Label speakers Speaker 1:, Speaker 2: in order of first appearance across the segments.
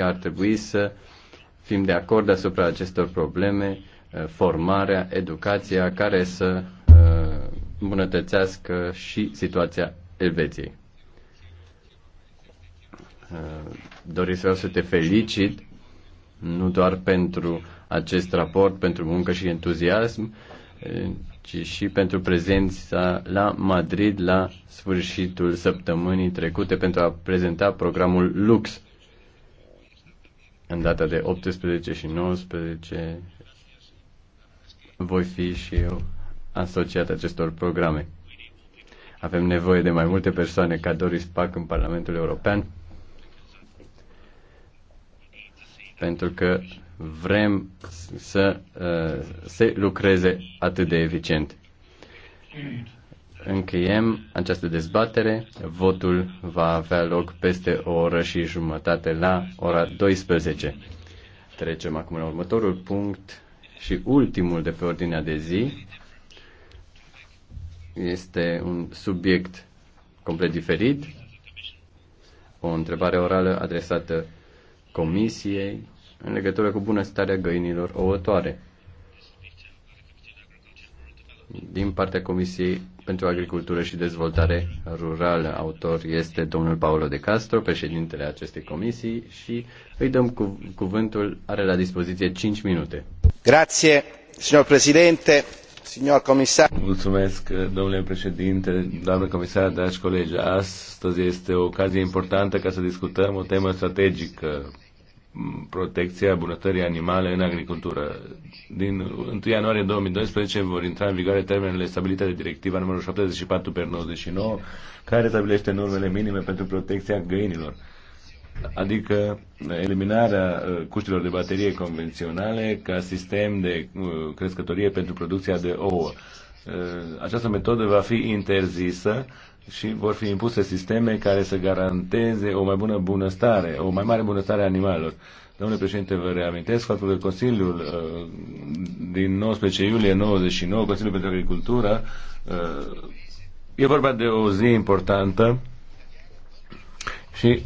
Speaker 1: ar trebui să fim de acord asupra acestor probleme, uh, formarea, educația, care să uh, îmbunătățească și situația Elveției. Uh, Doris, vreau să te felicit nu doar pentru acest raport, pentru muncă și entuziasm, ci și pentru prezența la Madrid la sfârșitul săptămânii trecute pentru a prezenta programul Lux în data de 18 și 19 voi fi și eu asociat acestor programe. Avem nevoie de mai multe persoane ca Doris Pac în Parlamentul European pentru că vrem să uh, se lucreze atât de eficient încheiem această dezbatere. Votul va avea loc peste o oră și jumătate la ora 12. Trecem acum la următorul punct și ultimul de pe ordinea de zi. Este un subiect complet diferit. O întrebare orală adresată Comisiei în legătură cu bunăstarea găinilor ouătoare din partea Comisiei pentru Agricultură și Dezvoltare Rurală. Autor este domnul Paolo De Castro, președintele acestei comisii și îi dăm cu, cuvântul, are la dispoziție 5 minute.
Speaker 2: Grazie, signor președinte, signor comisar. Mulțumesc, domnule președinte, doamnă comisar, dragi colegi. Astăzi este o ocazie importantă ca să discutăm o temă strategică protecția bunătării animale în agricultură. Din 1 ianuarie 2012 vor intra în vigoare termenele stabilite de directiva numărul 74 pe 99, care stabilește normele minime pentru protecția găinilor adică uh, eliminarea uh, cuștilor de baterie convenționale ca sistem de uh, crescătorie pentru producția de ouă. Această metodă va fi interzisă și vor fi impuse sisteme care să garanteze o mai bună bunăstare, o mai mare bunăstare a animalelor. Domnule președinte, vă reamintesc faptul că Consiliul uh, din 19 iulie 99, Consiliul pentru Agricultură, uh, e vorba de o zi importantă și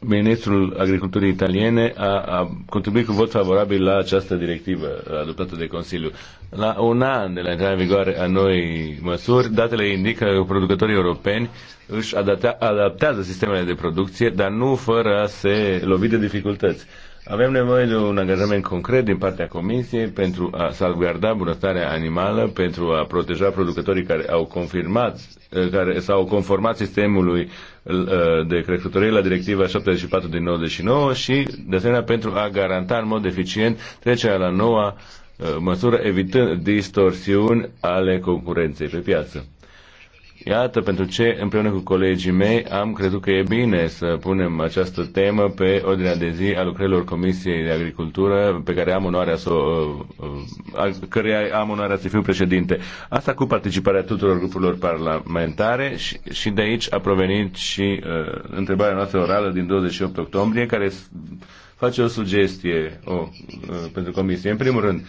Speaker 2: ministrul agriculturii italiene a, a contribuit cu vot favorabil la această directivă adoptată de Consiliu. La un an de la intrarea în vigoare a noi măsuri, datele indică că producătorii europeni își adaptea, adaptează sistemele de producție, dar nu fără a se lovi de dificultăți. Avem nevoie de un angajament concret din partea Comisiei pentru a salvgarda bunăstarea animală, pentru a proteja producătorii care au confirmat, eh, care s-au conformat sistemului eh, de crescătorie la directiva 74 din 99 și, de asemenea, pentru a garanta în mod eficient trecerea la noua eh, măsură, evitând distorsiuni ale concurenței pe piață. Iată pentru ce, împreună cu colegii mei, am crezut că e bine să punem această temă pe ordinea de zi a lucrărilor Comisiei de Agricultură, pe care am onoarea să, uh, uh, care am onoarea să fiu președinte. Asta cu participarea tuturor grupurilor parlamentare și, și de aici a provenit și a, uh, întrebarea noastră orală din 28 octombrie, care face o sugestie o, a, pentru Comisie. În primul rând,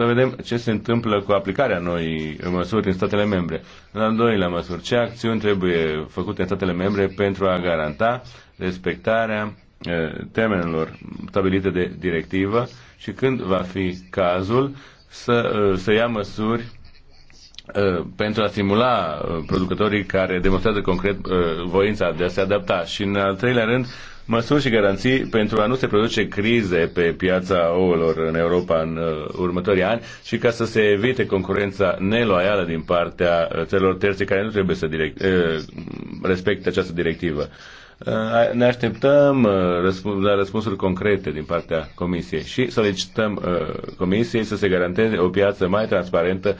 Speaker 2: să vedem ce se întâmplă cu aplicarea noi măsuri în statele membre. În al doilea măsuri, ce acțiuni trebuie făcute în statele membre pentru a garanta respectarea eh, termenelor stabilite de directivă și când va fi cazul să, eh, să ia măsuri eh, pentru a stimula producătorii care demonstrează concret voința de a se adapta. Și în al treilea rând, măsuri și garanții pentru a nu se produce crize pe piața ouălor în Europa în uh, următorii ani și ca să se evite concurența neloială din partea uh, țărilor terțe care nu trebuie să direct, uh, respecte această directivă. Ne așteptăm la răspunsuri concrete din partea Comisiei și solicităm Comisiei să se garanteze o piață mai transparentă,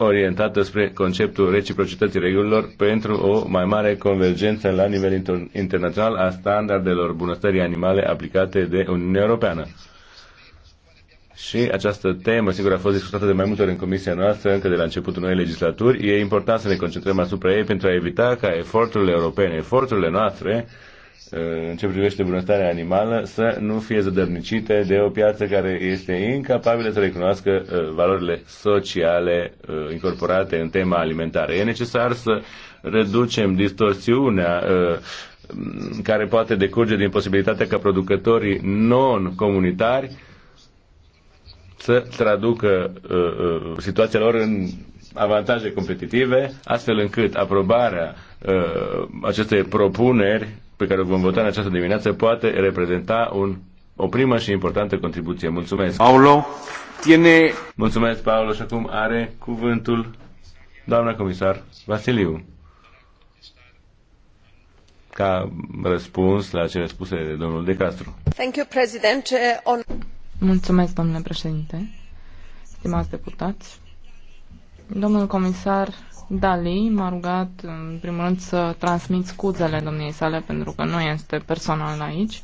Speaker 2: orientată spre conceptul reciprocității regulilor pentru o mai mare convergență la nivel inter- internațional a standardelor bunăstării animale aplicate de Uniunea Europeană. Și această temă, sigur, a fost discutată de mai multe ori în comisia noastră, încă de la începutul noii legislaturi. E important să ne concentrăm asupra ei pentru a evita ca eforturile europene, eforturile noastre, în ce privește bunăstarea animală să nu fie zădărnicite de o piață care este incapabilă să recunoască uh, valorile sociale uh, incorporate în tema alimentară. E necesar să reducem distorsiunea uh, care poate decurge din posibilitatea ca producătorii non-comunitari să traducă situația lor în avantaje competitive, astfel încât aprobarea uh, acestei propuneri pe care o vom vota în această dimineață poate reprezenta un, o primă și importantă contribuție. Mulțumesc! Paulo, tiene... Mulțumesc, Paulo, și acum are cuvântul doamna comisar Vasiliu ca răspuns la cele spuse de domnul De Castro.
Speaker 3: Thank you, President. On...
Speaker 4: Mulțumesc, domnule președinte, stimați deputați. Domnul comisar Dali m-a rugat în primul rând să transmit scuzele domniei sale pentru că nu este personal aici.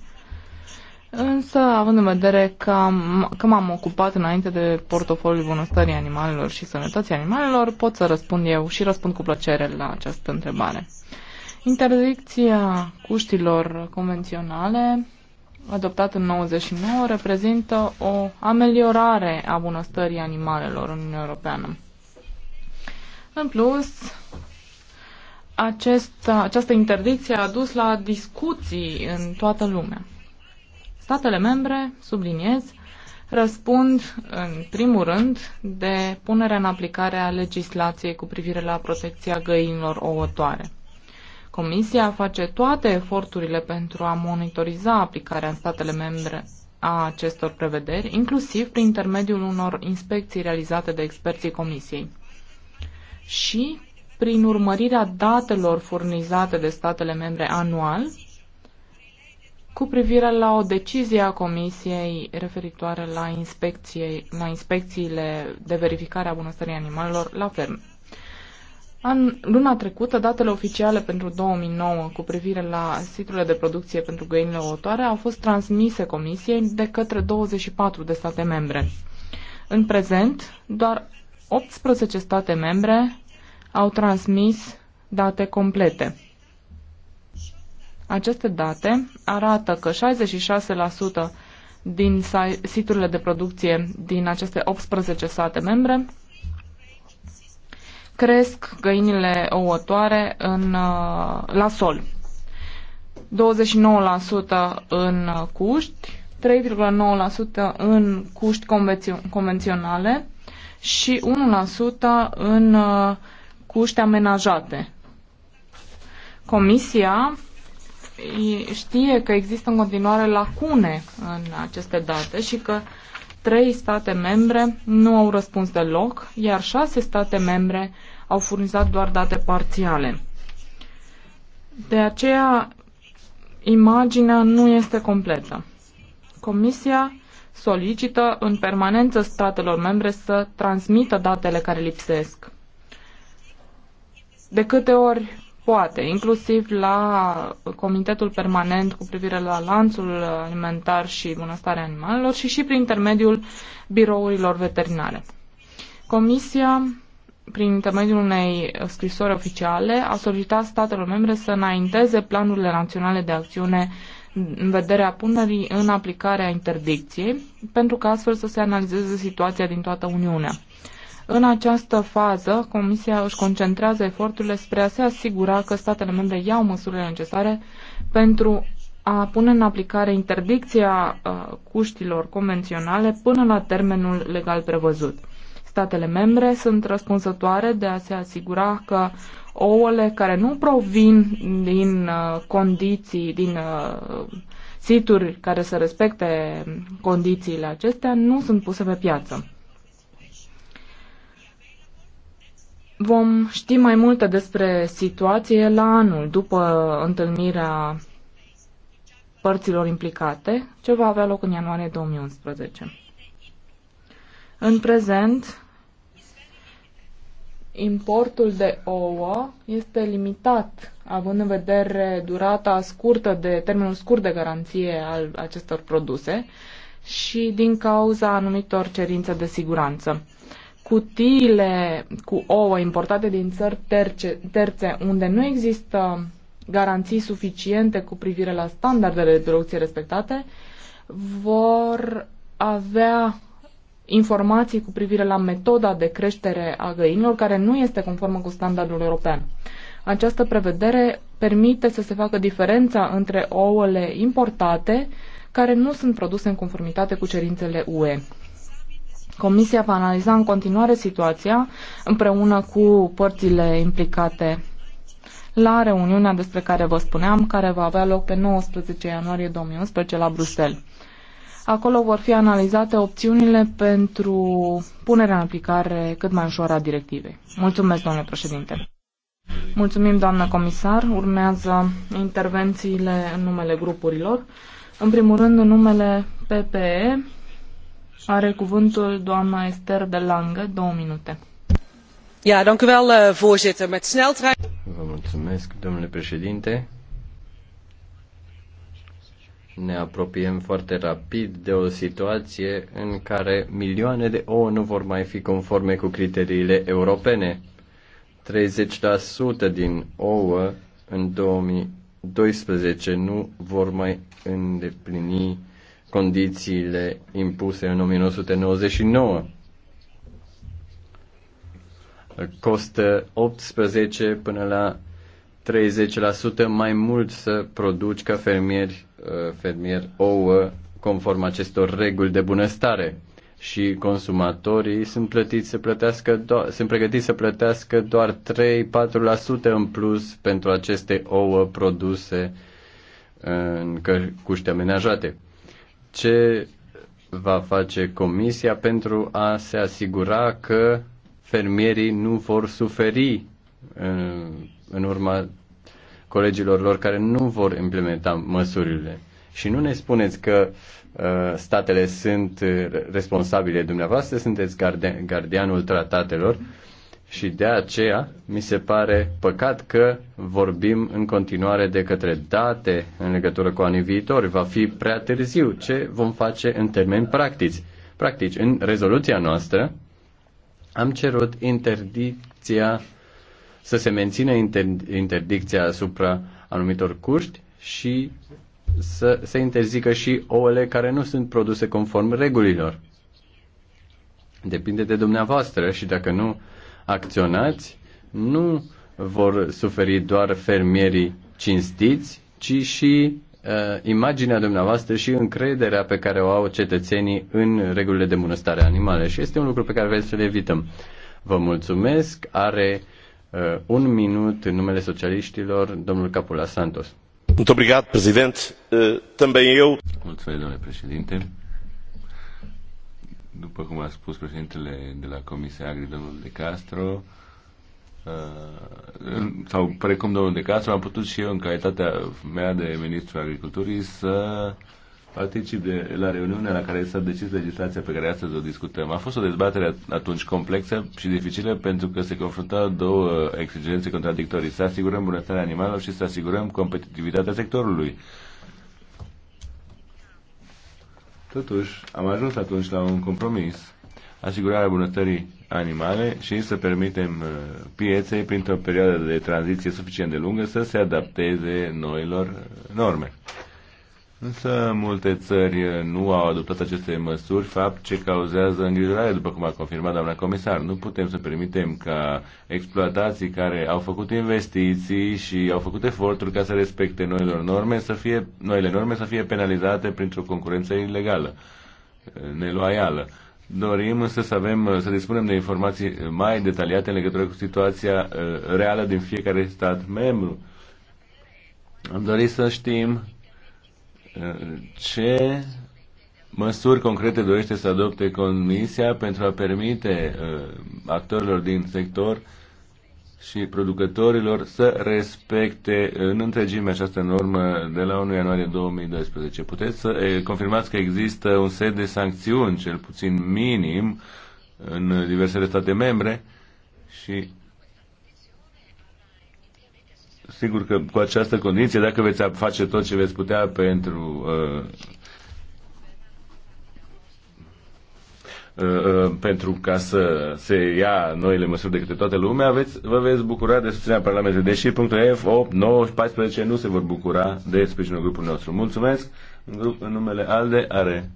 Speaker 4: Însă, având în vedere că, am, că m-am ocupat înainte de portofoliul bunăstării animalelor și sănătății animalelor, pot să răspund eu și răspund cu plăcere la această întrebare. Interdicția cuștilor convenționale, adoptată în 99, reprezintă o ameliorare a bunăstării animalelor în Uniunea Europeană. În plus, acest, această interdicție a dus la discuții în toată lumea. Statele membre, subliniez, răspund în primul rând de punerea în aplicare a legislației cu privire la protecția găinilor ouătoare. Comisia face toate eforturile pentru a monitoriza aplicarea în statele membre a acestor prevederi, inclusiv prin intermediul unor inspecții realizate de experții Comisiei și prin urmărirea datelor furnizate de statele membre anual cu privire la o decizie a Comisiei referitoare la, inspecție, la inspecțiile de verificare a bunăstării animalelor la ferme. În luna trecută, datele oficiale pentru 2009 cu privire la siturile de producție pentru găinile ouătoare au fost transmise Comisiei de către 24 de state membre. În prezent, doar 18 state membre au transmis date complete. Aceste date arată că 66% din siturile de producție din aceste 18 state membre cresc găinile ouătoare în, uh, la sol. 29% uh, în cuști, 3,9% în cuști convenționale, și 1% în uh, cuște amenajate. Comisia știe că există în continuare lacune în aceste date și că trei state membre nu au răspuns deloc, iar șase state membre au furnizat doar date parțiale. De aceea, imaginea nu este completă. Comisia solicită în permanență statelor membre să transmită datele care lipsesc. De câte ori poate, inclusiv la Comitetul Permanent cu privire la lanțul alimentar și bunăstarea animalelor și și prin intermediul birourilor veterinare. Comisia, prin intermediul unei scrisori oficiale, a solicitat statelor membre să înainteze planurile naționale de acțiune uh, în vederea punerii în aplicare a interdicției, pentru că astfel să se analizeze situația din toată Uniunea. În această fază, Comisia își concentrează eforturile spre a se asigura că statele membre iau măsurile necesare pentru a pune în aplicare interdicția uh, cuștilor convenționale până la termenul legal prevăzut statele membre sunt răspunzătoare de a se asigura că ouăle care nu provin din uh, condiții, din uh, situri care să respecte condițiile acestea, nu sunt puse pe piață. Vom ști mai multe despre situație la anul, după întâlnirea părților implicate, ce va avea loc în ianuarie 2011. În prezent, importul de ouă este limitat, având în vedere durata scurtă de termenul scurt de garanție al acestor produse și din cauza anumitor cerințe de siguranță. Cutiile cu ouă importate din țări terce, terțe unde nu există garanții suficiente cu privire la standardele de producție respectate vor avea informații cu privire la metoda de creștere a găinilor care nu este conformă cu standardul european. Această prevedere permite să se facă diferența între ouăle importate care nu sunt produse în conformitate cu cerințele UE. Comisia va analiza în continuare situația împreună cu părțile implicate la reuniunea despre care vă spuneam, care va avea loc pe 19 ianuarie 2011 la Bruxelles. Acolo vor fi analizate opțiunile pentru punerea în aplicare cât mai ușoară a directivei. Mulțumesc, domnule președinte. Mulțumim, doamnă comisar. Urmează intervențiile în numele grupurilor. În primul rând, în numele PPE, are cuvântul doamna Esther de Lange, două minute. Ja, dank u wel, eh, voorzitter. Met sneltrein...
Speaker 1: Vă mulțumesc, domnule președinte ne apropiem foarte rapid de o situație în care milioane de ouă nu vor mai fi conforme cu criteriile europene. 30% din ouă în 2012 nu vor mai îndeplini condițiile impuse în 1999. Costă 18 până la 30% mai mult să produci ca fermieri Uh, fermier ouă conform acestor reguli de bunăstare și consumatorii sunt, plătiți să plătească do- sunt pregătiți să plătească doar 3-4% în plus pentru aceste ouă produse uh, în cuște amenajate. Ce va face Comisia pentru a se asigura că fermierii nu vor suferi în, uh, în urma colegilor lor care nu vor implementa măsurile. Și nu ne spuneți că uh, statele sunt uh, responsabile, dumneavoastră sunteți gardian, gardianul tratatelor și de aceea mi se pare păcat că vorbim în continuare de către date în legătură cu anii viitori. Va fi prea târziu. Ce vom face în termeni practici? practic în rezoluția noastră am cerut interdicția să se mențină interdicția asupra anumitor curști și să se interzică și ouăle care nu sunt produse conform regulilor. Depinde de dumneavoastră și dacă nu acționați, nu vor suferi doar fermierii cinstiți, ci și uh, imaginea dumneavoastră și încrederea pe care o au cetățenii în regulile de bunăstare animale. Și este un lucru pe care vreți să le evităm. Vă mulțumesc. Are Uh, un minut în numele socialiștilor, domnul Capula Santos.
Speaker 2: Mulțumesc, președinte.
Speaker 1: Uh, também eu.
Speaker 2: Mulțumesc, domnule președinte. După cum a spus președintele de la Comisia Agri, domnul De Castro, uh, sau precum domnul De Castro, am putut și eu, în calitatea mea de ministru agriculturii, să uh, particip de, la reuniunea la care s-a decis legislația pe care astăzi o discutăm. A fost o dezbatere atunci complexă și dificilă pentru că se confruntau două exigențe contradictorii. Să asigurăm bunăstarea animalelor și să asigurăm competitivitatea sectorului. Totuși, am ajuns atunci la un compromis. Asigurarea bunăstării animale și să permitem uh, pieței, printr-o perioadă de tranziție suficient de lungă, să se adapteze noilor uh, norme. Însă multe țări nu au adoptat aceste măsuri, fapt ce cauzează îngrijorare, după cum a confirmat doamna comisar. Nu putem să permitem ca exploatații care au făcut investiții și au făcut eforturi ca să respecte noilor norme, să fie, noile norme să fie penalizate printr-o concurență ilegală, neloială. Dorim însă să avem, să dispunem de informații mai detaliate în legătură cu situația uh, reală din fiecare stat membru. Am dorit să știm ce măsuri concrete dorește să adopte Comisia pentru a permite uh, actorilor din sector și producătorilor să respecte uh, în întregime această normă de la 1 ianuarie 2012. Puteți să uh, confirmați că există un set de sancțiuni, cel puțin minim, în diversele state membre și sigur că cu această condiție, dacă veți face tot ce veți putea pentru uh, uh, uh, pentru ca să se ia noile măsuri de către toată lumea, veți, vă veți bucura de susținerea Parlamentului, deși punctul F, 8, 9 și 14 nu se vor bucura de sprijinul grupului nostru. Mulțumesc! În, grup, în numele ALDE are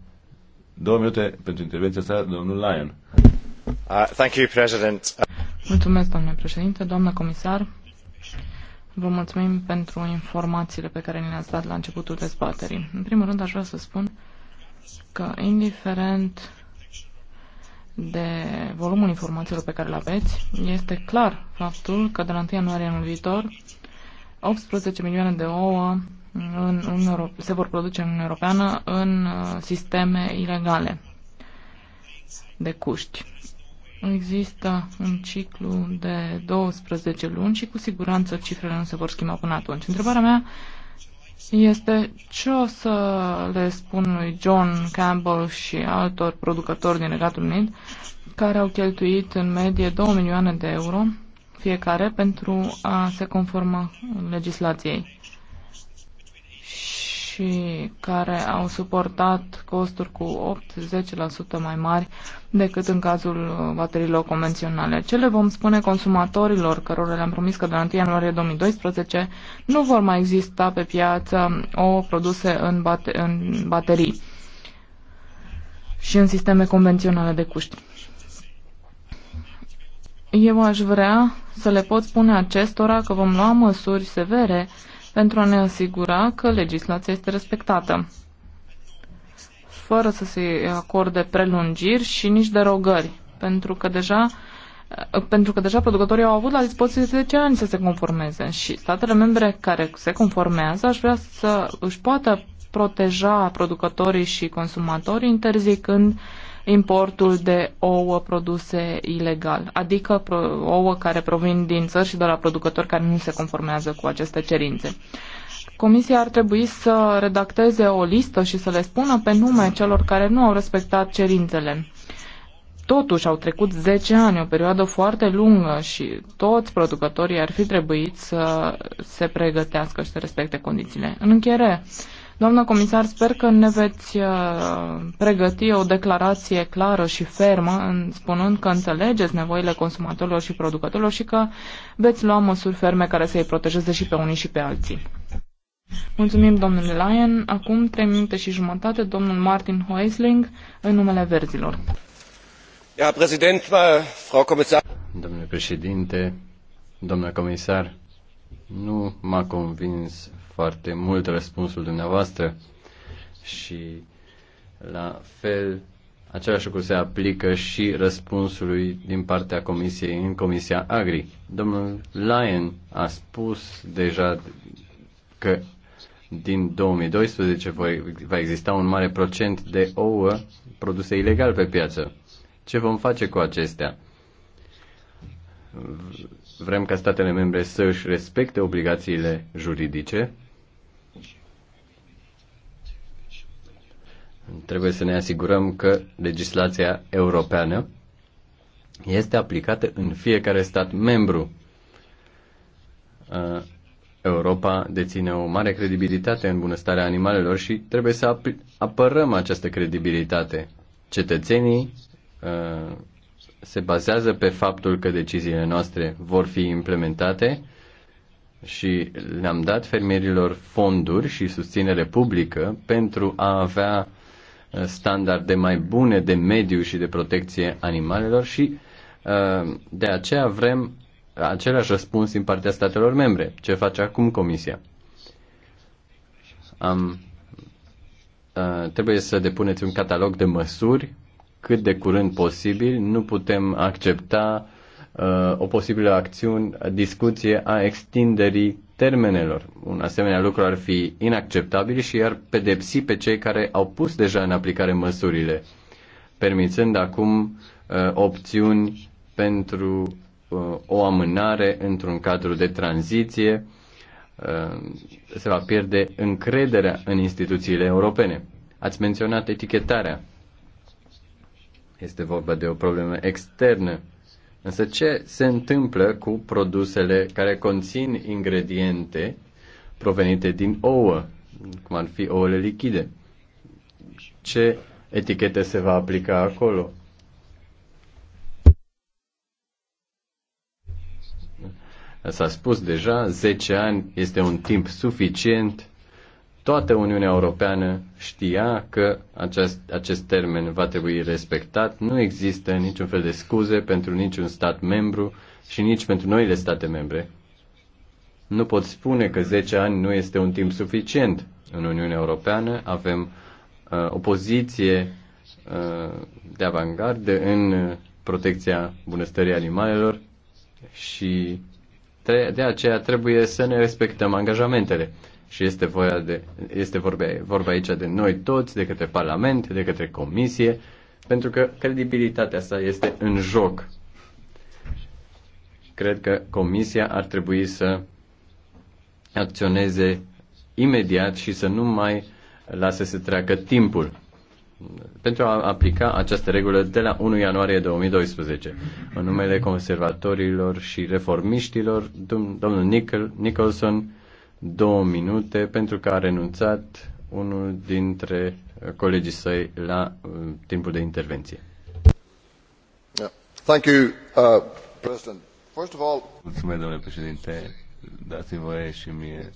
Speaker 2: două minute pentru intervenția sa, domnul Lyon. Uh, thank you, President.
Speaker 4: Mulțumesc, domnule președinte, doamnă comisar. Vă mulțumim pentru informațiile pe care ni le-ați dat la începutul dezbaterii. În primul rând, aș vrea să spun că, indiferent de volumul informațiilor pe care le aveți, este clar faptul că de la 1 ianuarie anul viitor, 18 milioane de ouă în, în, se vor produce în Uniunea Europeană în uh, sisteme ilegale de cuști. Există un ciclu de 12 luni și cu siguranță cifrele nu se vor schimba până atunci. Întrebarea mea este ce o să le spun lui John Campbell și altor producători din Regatul Unit care au cheltuit în medie 2 milioane de euro fiecare pentru a se conforma legislației și care au suportat costuri cu 8-10% mai mari decât în cazul bateriilor convenționale. Ce le vom spune consumatorilor, cărora le-am promis că de la 1 ianuarie 2012 nu vor mai exista pe piață o produse în, bate- în baterii și în sisteme convenționale de cuști? Eu aș vrea să le pot spune acestora că vom lua măsuri severe pentru a ne asigura că legislația este respectată, fără să se acorde prelungiri și nici derogări, pentru că deja pentru că deja producătorii au avut la dispoziție 10 ani să se conformeze și statele membre care se conformează aș vrea să își poată proteja producătorii și consumatorii interzicând uh, importul de ouă produse ilegal, adică ouă care provin din țări și de la producători care nu se conformează cu aceste cerințe. Comisia ar trebui să redacteze o listă și să le spună pe nume celor care nu au respectat cerințele. Totuși au trecut 10 ani, o perioadă foarte lungă și toți producătorii ar fi trebuit să se pregătească și să respecte condițiile. În încheiere, Doamna comisar, sper că ne veți uh, pregăti o declarație clară și fermă, în, spunând că înțelegeți nevoile consumatorilor și producătorilor și că veți lua măsuri ferme care să-i protejeze și pe unii și pe alții. Mulțumim, domnule Lyon. Acum, trei minute și jumătate, domnul Martin Heusling, în numele verzilor.
Speaker 1: Ja, äh, Frau Domnule președinte, domnule comisar, nu m-a convins foarte mult răspunsul dumneavoastră și la fel același lucru se aplică și răspunsului din partea Comisiei în Comisia Agri. Domnul Lyon a spus deja că din 2012 va exista un mare procent de ouă produse ilegal pe piață. Ce vom face cu acestea? Vrem ca statele membre să își respecte obligațiile juridice Trebuie să ne asigurăm că legislația europeană este aplicată în fiecare stat membru. Uh, Europa deține o mare credibilitate în bunăstarea animalelor și trebuie să apărăm această credibilitate. Cetățenii uh, se bazează pe faptul că deciziile noastre vor fi implementate și le-am dat fermierilor fonduri și susținere publică pentru a avea uh, standarde mai bune de mediu și de protecție animalelor și uh, de aceea vrem același răspuns din partea statelor membre. Ce face acum Comisia? Am, uh, trebuie să depuneți un catalog de măsuri cât de curând posibil. Nu putem accepta Uh, o posibilă acțiune, discuție a extinderii termenelor. Un asemenea lucru ar fi inacceptabil și ar pedepsi pe cei care au pus deja în aplicare măsurile, permițând acum uh, opțiuni pentru uh, o amânare într-un cadru de tranziție, uh, se va pierde încrederea în instituțiile europene. Ați menționat etichetarea. Este vorba de o problemă externă Însă ce se întâmplă cu produsele care conțin ingrediente provenite din ouă, cum ar fi ouăle lichide? Ce etichete se va aplica acolo? S-a spus deja, 10 ani este un timp suficient Toată Uniunea Europeană știa că acest, acest termen va trebui respectat. Nu există niciun fel de scuze pentru niciun stat membru și nici pentru noile state membre. Nu pot spune că 10 ani nu este un timp suficient în Uniunea Europeană. Avem uh, o poziție uh, de avangardă în protecția bunăstării animalelor și de aceea trebuie să ne respectăm angajamentele și este, voia de, este vorba, vorba aici de noi toți, de către Parlament, de către Comisie, pentru că credibilitatea sa este în joc. Cred că Comisia ar trebui să acționeze imediat și să nu mai lase să treacă timpul pentru a aplica această regulă de la 1 ianuarie 2012. În numele conservatorilor și reformiștilor, domnul Nicholson două minute pentru că a renunțat unul dintre colegii săi la uh, timpul de intervenție. Thank you, uh, President. First of all...
Speaker 2: Mulțumesc, domnule președinte. Dați-mi voie și mie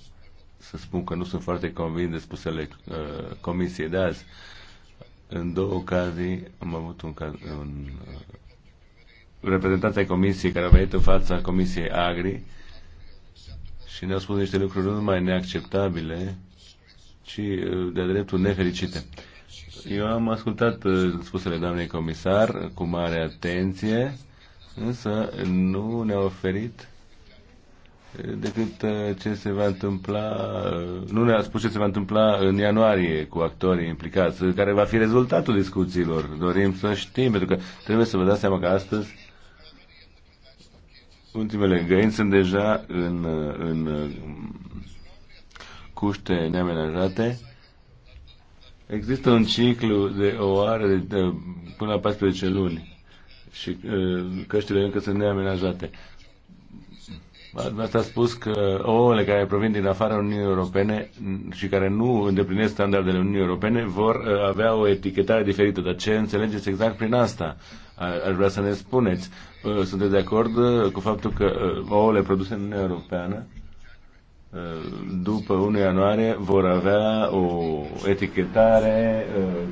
Speaker 2: să spun că nu sunt foarte convins de spusele uh, comisiei de azi. În două ocazii am avut un, caz, un uh, reprezentant ai comisiei care a venit în fața comisiei Agri uh, și ne-au spus niște lucruri nu numai neacceptabile, ci uh, de-a dreptul nefericite. Eu am ascultat uh, spusele doamnei comisar cu mare atenție, însă nu ne-a oferit uh, decât ce se va întâmpla, nu ne-a spus ce se va întâmpla în ianuarie cu actorii implicați, care va fi rezultatul discuțiilor. Dorim să știm, pentru că trebuie să vă dați seama că astăzi ultimele găini sunt deja în, în cuște neamenajate. Există un ciclu de o oară de, de, până la 14 luni și căștile încă sunt neamenajate. Asta a spus că ouăle care provin din afara Uniunii Europene și care nu îndeplinesc standardele Uniunii Europene vor avea o etichetare diferită. Dar ce înțelegeți exact prin asta? Aș vrea să ne spuneți, uh, sunteți de acord uh, cu faptul că uh, ouăle produse în Uniunea Europeană după 1 ianuarie vor avea o etichetare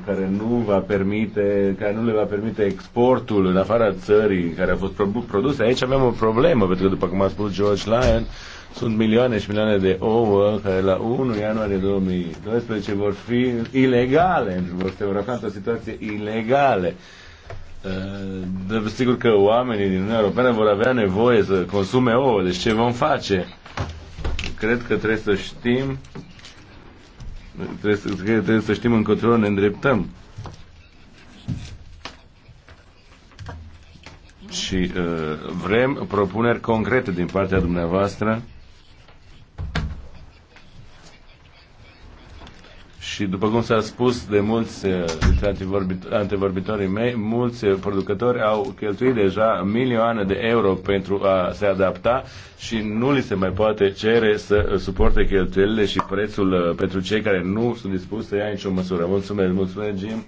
Speaker 2: care nu va permite, care nu le va permite exportul în afara țării în care a fost produs. Aici avem o problemă, pentru că după cum a spus George Lyon, sunt milioane și milioane de ouă care la 1 ianuarie 2012 vor fi ilegale, vor se vor afla într-o situație ilegale. Uh, dar sigur că oamenii din Uniunea Europeană vor avea nevoie să consume ouă, deci ce vom face? Cred că trebuie să știm trebuie să, trebuie să știm încotro ne îndreptăm. Și uh, vrem propuneri concrete din partea dumneavoastră Și după cum s-a spus de mulți eh, dintre antevorbitorii mei, mulți eh, producători au cheltuit deja milioane de euro pentru a se adapta și nu li se mai poate cere să eh, suporte cheltuielile și prețul pentru cei care nu sunt dispuși să ia nicio măsură. Mulțumesc, mulțumesc, Jim.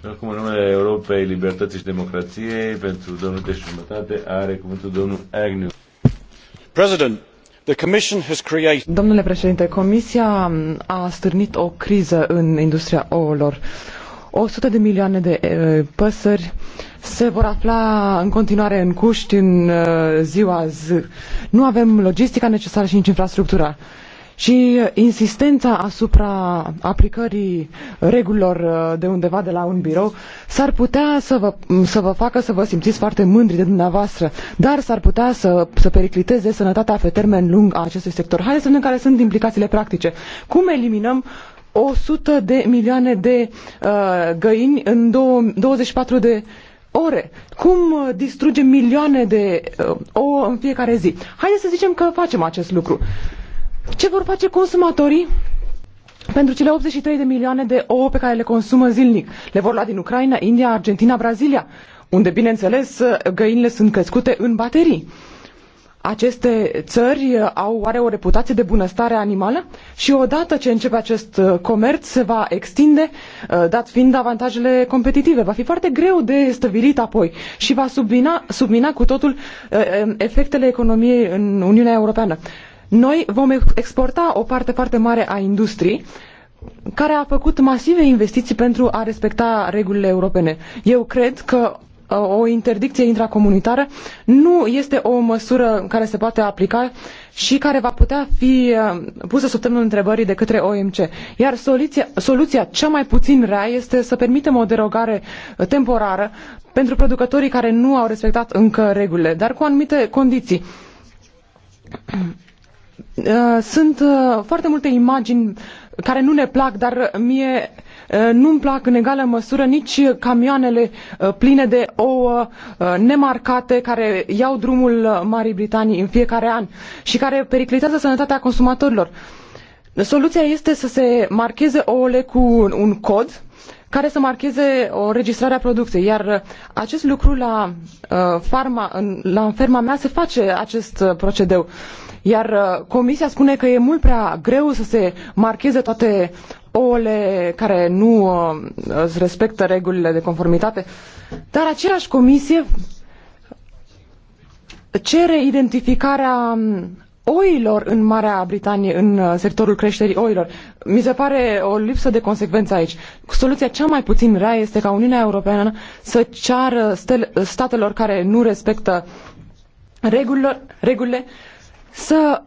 Speaker 2: Și acum, în numele Europei Libertății și Democrației, pentru domnul de jumătate, are cuvântul domnul Agnew. President,
Speaker 3: Domnule președinte, Comisia a stârnit o criză în industria ouălor. sută de milioane de păsări se vor afla în continuare în cuști în ziua Z. Nu avem logistica necesară și nici infrastructura și uh, insistența asupra aplicării regulilor uh, de undeva de la un birou s-ar putea să vă, să vă facă să vă simțiți foarte mândri de dumneavoastră, dar s-ar putea să, să pericliteze sănătatea pe termen lung a acestui sector. Haideți să vedem care sunt implicațiile practice. Cum eliminăm 100 de milioane de uh, găini în două, 24 de ore. Cum uh, distrugem milioane de uh, ouă în fiecare zi? Haideți să zicem că facem acest lucru. Uh, ce vor face consumatorii pentru cele 83 de milioane de ouă pe care le consumă zilnic? Le vor lua din Ucraina, India, Argentina, Brazilia, unde, bineînțeles, găinile sunt crescute în baterii aceste țări uh, au oare o reputație de bunăstare animală și odată ce începe acest uh, comerț se va extinde, uh, dat fiind avantajele competitive. Va fi foarte greu de stăvilit apoi și va submina, submina cu totul efectele economiei în Uniunea Europeană. Noi vom exporta o parte foarte mare a industriei care a făcut masive investiții pentru a respecta regulile europene. Eu cred că uh, o interdicție intracomunitară nu este o măsură care se poate aplica și care va putea fi uh, pusă sub semnul întrebării de către OMC. Iar soluția, soluția cea mai puțin rea este să permitem o derogare uh, temporară pentru producătorii care nu au respectat încă regulile, dar cu anumite condiții. Uh, sunt uh, foarte multe imagini care nu ne plac, dar mie uh, nu-mi plac în egală măsură nici camioanele pline de ouă nemarcate care iau drumul Marii Britanii în fiecare an și care periclitează sănătatea consumatorilor. Soluția este să se marcheze ouăle cu un cod care să marcheze o registrare a producției. Iar acest lucru la, farma, la ferma mea se face acest procedeu. Iar uh, comisia spune că e mult prea greu să se marcheze toate ouăle care nu uh, respectă regulile de conformitate. Dar aceeași comisie cere identificarea um, oilor în Marea Britanie, în uh, sectorul creșterii oilor. Mi se pare o lipsă de consecvență aici. Soluția cea mai puțin rea este ca Uniunea Europeană să ceară statelor care nu respectă regulile să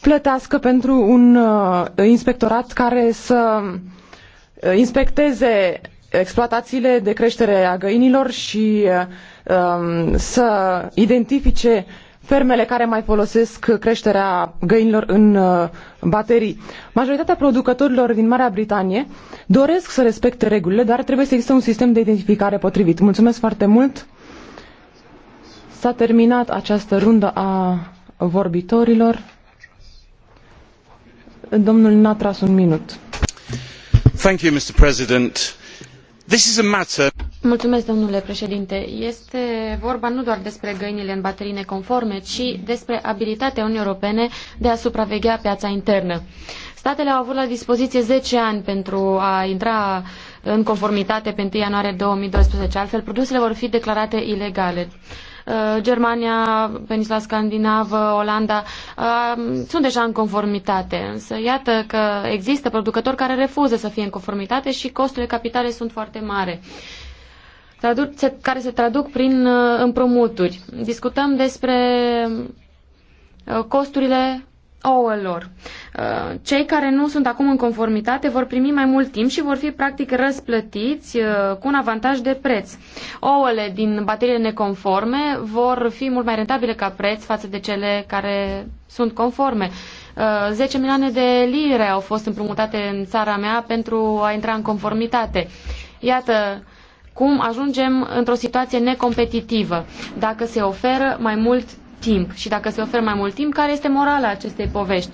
Speaker 3: plătească pentru un uh, inspectorat care să uh, inspecteze exploatațiile de creștere a găinilor și uh, um, să identifice fermele care mai folosesc creșterea găinilor în uh, baterii. Majoritatea producătorilor din Marea Britanie doresc să respecte regulile, dar trebuie să existe un sistem de identificare potrivit. Mulțumesc foarte mult! S-a terminat această rundă a vorbitorilor.
Speaker 5: Domnul Natras, un minut.
Speaker 1: Thank you, Mr. President. This is a matter...
Speaker 5: Mulțumesc, domnule președinte. Este vorba nu doar despre găinile în baterii neconforme, ci despre abilitatea Uniunii Europene de a supraveghea piața internă. Statele au avut la dispoziție 10 ani pentru a intra în conformitate pe 1 ianuarie 2012, altfel produsele vor fi declarate ilegale. Uh, Uh, Germania, peninsula scandinavă, Olanda, uh, sunt deja în conformitate. Însă iată că există producători care refuză să fie în conformitate și costurile capitale sunt foarte mari care se traduc prin uh, împrumuturi. Discutăm despre costurile ouă lor. Uh, cei care nu sunt acum în conformitate vor primi mai mult timp și vor fi practic răsplătiți uh, cu un avantaj de preț. Ouăle din baterie neconforme vor fi mult mai rentabile ca preț față de cele care sunt conforme. 10 uh, milioane de lire au fost împrumutate în țara mea pentru a intra în conformitate. Iată, cum ajungem într-o situație necompetitivă dacă se oferă mai mult timp și dacă se oferă mai mult timp, care este morala acestei povești?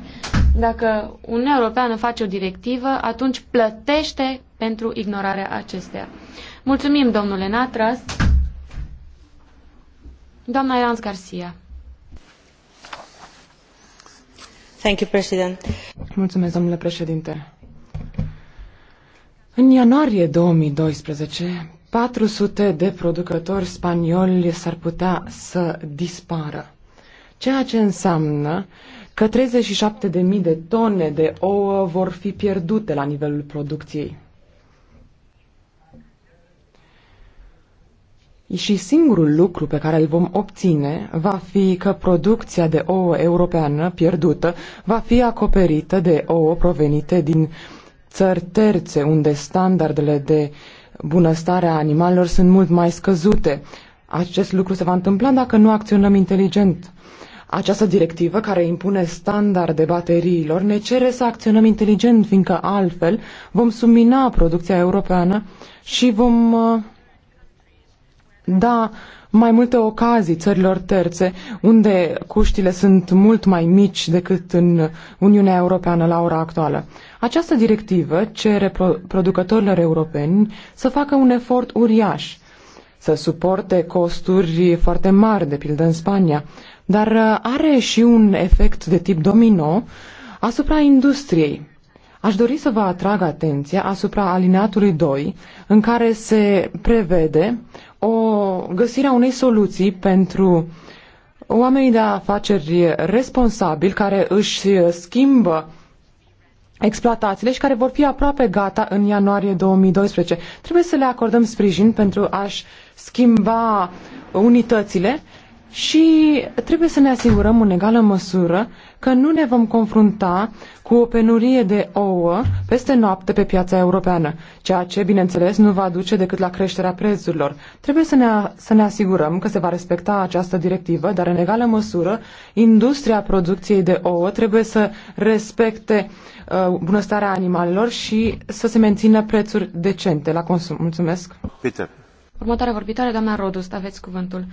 Speaker 5: Dacă Uniunea Europeană face o directivă, atunci plătește pentru ignorarea acesteia. Mulțumim, domnule Natras. Doamna Iranz Garcia. Thank you,
Speaker 3: President. Mulțumesc, domnule președinte. În ianuarie 2012, 400 de producători spanioli s-ar putea să dispară ceea ce înseamnă că 37.000 de tone de ouă vor fi pierdute la nivelul producției. Și singurul lucru pe care îl vom obține va fi că producția de ouă europeană pierdută va fi acoperită de ouă provenite din țări terțe, unde standardele de bunăstare a animalelor sunt mult mai scăzute. Acest lucru se va întâmpla dacă nu acționăm inteligent. Această directivă, care impune standarde bateriilor, ne cere să acționăm inteligent, fiindcă altfel vom submina producția europeană și vom uh, da mai multe ocazii țărilor terțe, unde cuștile sunt mult mai mici decât în Uniunea Europeană la ora actuală. Această directivă cere producătorilor europeni să facă un efort uriaș, să suporte costuri foarte mari, de pildă în Spania, dar uh, are și un efect de tip domino asupra industriei. Aș dori să vă atrag atenția asupra alineatului 2, în care se prevede o găsirea unei soluții pentru oamenii de afaceri responsabili care își schimbă exploatațiile și care vor fi aproape gata în ianuarie 2012. Trebuie să le acordăm sprijin pentru a-și schimba unitățile și trebuie să ne asigurăm în egală măsură că nu ne vom confrunta cu o penurie de ouă peste noapte pe piața europeană, ceea ce, bineînțeles, nu va duce decât la creșterea prețurilor. Trebuie să ne, să ne asigurăm că se va respecta această directivă, dar în egală măsură, industria producției de ouă trebuie să respecte uh, bunăstarea animalelor și să se mențină prețuri decente la consum. Mulțumesc! Peter.
Speaker 5: Următoarea vorbitoare, doamna Rodust, aveți cuvântul.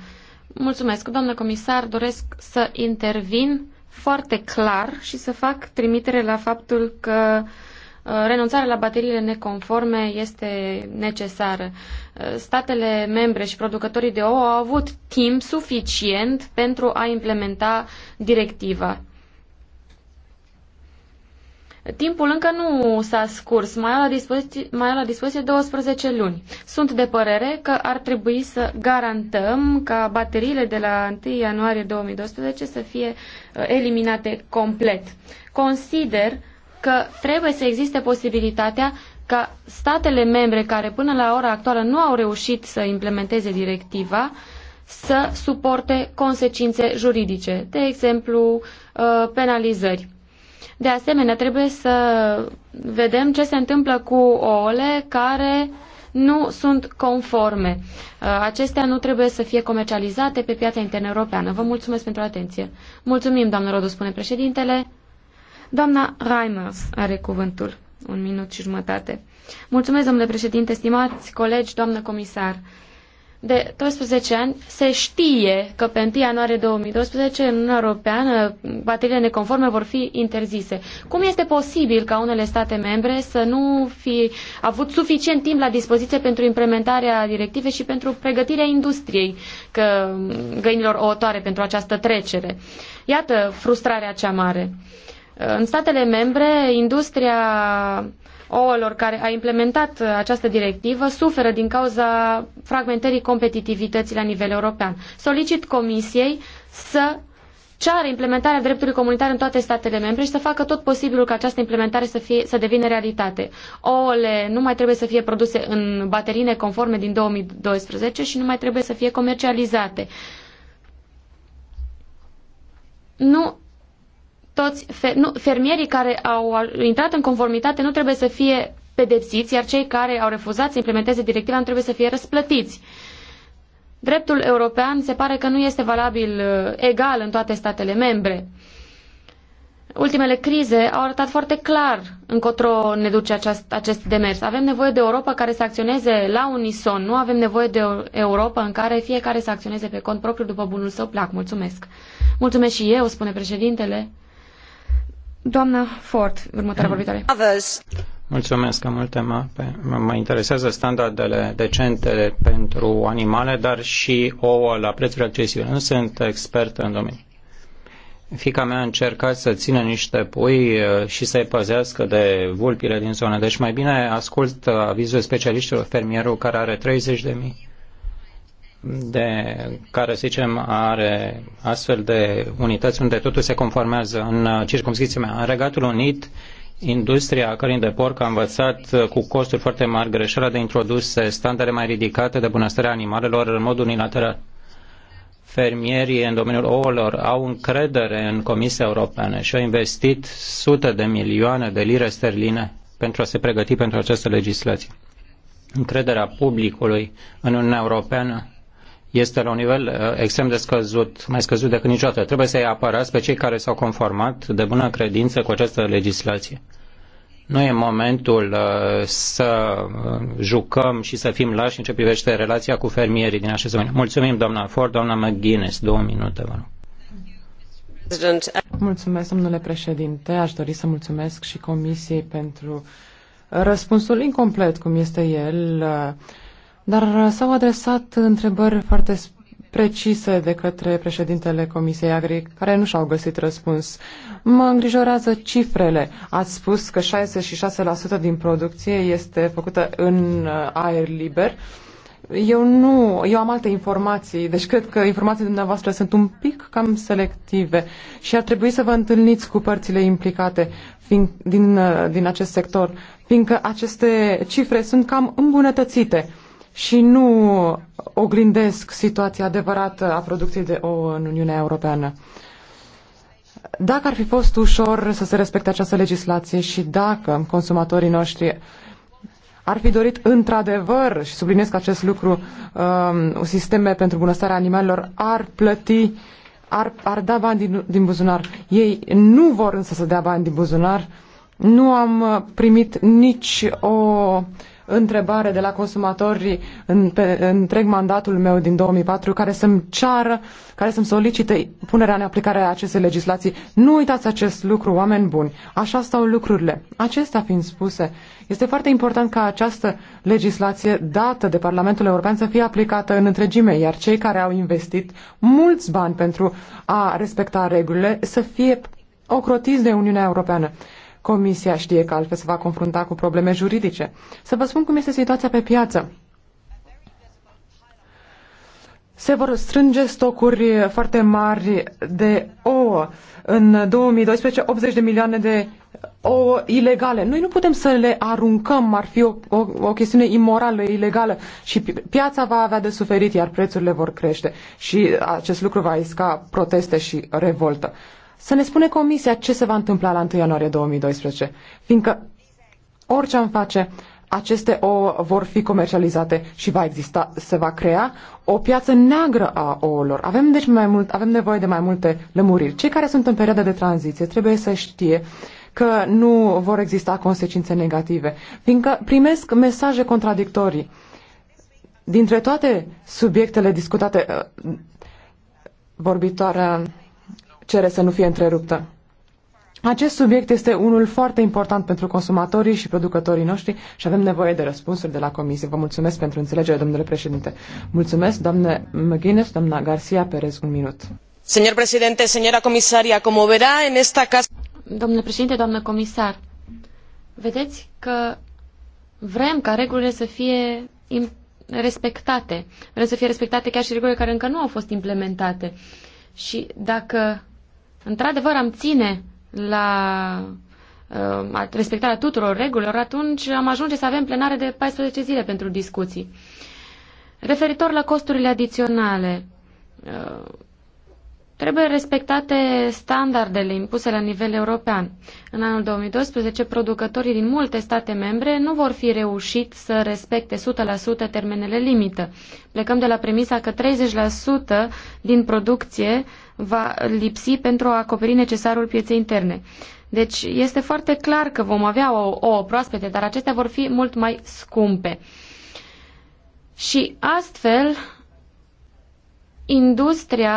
Speaker 5: Mulțumesc, doamnă comisar. Doresc să intervin foarte clar și să fac trimitere la faptul că uh, renunțarea la bateriile neconforme este necesară. Uh, statele membre și producătorii de ouă au avut timp suficient pentru a implementa directiva. Timpul încă nu s-a scurs, mai au, la dispoziție, mai au la dispoziție 12 luni. Sunt de părere că ar trebui să garantăm ca bateriile de la 1 ianuarie 2012 să fie uh, eliminate complet. Consider că trebuie să existe posibilitatea ca statele membre care până la ora actuală nu au reușit să implementeze directiva să suporte consecințe juridice, de exemplu uh, penalizări. De asemenea, trebuie să vedem ce se întâmplă cu ouăle care nu sunt conforme. Uh, acestea nu trebuie să fie comercializate pe piața internă europeană. Vă mulțumesc pentru atenție. Mulțumim, doamnă Rodu, spune președintele. Doamna Reimers are cuvântul. Un minut și jumătate. Mulțumesc, domnule președinte, stimați colegi, doamnă comisar de 12 ani se știe că pe 1 ianuarie 2012 în Uniunea Europeană bateriile neconforme vor fi interzise. Cum este posibil ca unele state membre să nu fi avut suficient timp la dispoziție pentru implementarea directivei și pentru pregătirea industriei că, găinilor ouătoare pentru această trecere? Iată frustrarea cea mare. În statele membre, industria ouălor care a implementat uh, această directivă suferă din cauza fragmentării competitivității la nivel european. Solicit Comisiei să ceară implementarea dreptului comunitar în toate statele membre și să facă tot posibilul ca această implementare să, fie, să devină realitate. Ouăle nu mai trebuie să fie produse în baterii conforme din 2012 și nu mai trebuie să fie comercializate. Nu toți nu, fermierii care au intrat în conformitate nu trebuie să fie pedepsiți, iar cei care au refuzat să implementeze directiva nu trebuie să fie răsplătiți. Dreptul european se pare că nu este valabil uh, egal în toate statele membre. Ultimele crize au arătat foarte clar încotro ne duce aceast, acest demers. Avem nevoie de Europa care să acționeze la unison, nu avem nevoie de o Europa în care fiecare să acționeze pe cont propriu după bunul său plac. Mulțumesc! Mulțumesc și eu, spune președintele. Doamna Ford, următoarea mm. vorbitoare.
Speaker 6: Mulțumesc, am multe mape. Mă interesează standardele decente pentru animale, dar și ouă la prețuri accesibile. Nu sunt expert în domeniu. Fica mea a încercat să țină niște pui uh, și să-i păzească de vulpile din zonă. Deci mai bine ascult uh, avizul specialiștilor fermierul care are 30 de mii de, care, să zicem, are astfel de unități unde totul se conformează în circunscriția mea. În Regatul Unit, industria cărnii de porc a învățat cu costuri foarte mari greșeala de introduse standarde mai ridicate de bunăstare a animalelor în mod unilateral. Fermierii în domeniul ouălor au încredere în Comisia Europeană și au investit sute de milioane de lire sterline pentru a se pregăti pentru această legislație. Încrederea publicului în Uniunea Europeană este la un nivel uh, extrem de scăzut, mai scăzut decât niciodată. Trebuie să-i apărați pe cei care s-au conformat de bună credință cu această legislație. Nu e momentul uh, să uh, jucăm și să fim lași în ce privește relația cu fermierii din așa domeniu. Mulțumim, doamna Ford, doamna McGuinness. Două minute, vă rog.
Speaker 3: Mulțumesc, domnule președinte. Aș dori să mulțumesc și Comisiei pentru răspunsul incomplet, cum este el. Uh, dar s-au adresat întrebări foarte precise de către președintele Comisiei Agri, care nu și-au găsit răspuns. Mă îngrijorează cifrele. Ați spus că 66% din producție este făcută în uh, aer liber. Eu nu, eu am alte informații, deci cred că informațiile dumneavoastră sunt un pic cam selective și ar trebui să vă întâlniți cu părțile implicate fiind, din, uh, din acest sector, fiindcă aceste cifre sunt cam îmbunătățite și nu oglindesc situația adevărată a producției de ouă în Uniunea Europeană. Dacă ar fi fost ușor să se respecte această legislație și dacă consumatorii noștri ar fi dorit într-adevăr, și subliniez acest lucru, um, sisteme pentru bunăstarea animalelor, ar plăti, ar, ar da bani din, din buzunar. Ei nu vor însă să dea bani din buzunar. Nu am uh, primit nici o întrebare de la consumatori în pe, întreg mandatul meu din 2004 care să-mi ceară, care să-mi solicite punerea în aplicare a acestei legislații. Nu uitați acest lucru, oameni buni. Așa stau lucrurile. Acestea fiind spuse, este foarte important ca această legislație dată de Parlamentul European să fie aplicată în întregime, iar cei care au investit mulți bani pentru a respecta regulile să fie ocrotiți de Uniunea Europeană. Comisia știe că altfel se va confrunta cu probleme juridice. Să vă spun cum este situația pe piață. Se vor strânge stocuri foarte mari de ouă. În 2012, 80 de milioane de ouă ilegale. Noi nu putem să le aruncăm, ar fi o, o, o chestiune imorală, ilegală și piața va avea de suferit, iar prețurile vor crește și acest lucru va isca proteste și revoltă să ne spune Comisia ce se va întâmpla la 1 ianuarie 2012, fiindcă orice am face, aceste ouă vor fi comercializate și va exista, se va crea o piață neagră a ouălor. Avem, deci, mai mult, avem nevoie de mai multe lămuriri. Cei care sunt în perioada de tranziție trebuie să știe că nu vor exista consecințe negative, fiindcă primesc mesaje contradictorii. Dintre toate subiectele discutate, uh, vorbitoarea cere să nu fie întreruptă. Acest subiect este unul foarte important pentru consumatorii și producătorii noștri și avem nevoie de răspunsuri de la Comisie. Vă mulțumesc pentru înțelegere, domnule președinte. Mulțumesc, doamne McGuinness, doamna Garcia Perez,
Speaker 5: un minut. Señor presidente, señora comisaria, como verá en esta casa... Domnule președinte, doamnă comisar, vedeți că vrem ca regulile să fie respectate. Vrem să fie respectate chiar și regulile care încă nu au fost implementate. Și dacă într-adevăr am ține la uh, respectarea tuturor regulilor, atunci am ajunge să avem plenare de 14 zile pentru discuții. Referitor la costurile adiționale, uh, trebuie respectate standardele impuse la nivel european. În anul 2012, producătorii din multe state membre nu vor fi reușit să respecte 100% termenele limită. Plecăm de la premisa că 30% din producție uh, va lipsi pentru a acoperi necesarul pieței interne. Deci este foarte clar că vom avea o, o proaspete, dar acestea vor fi mult mai scumpe. Și astfel industria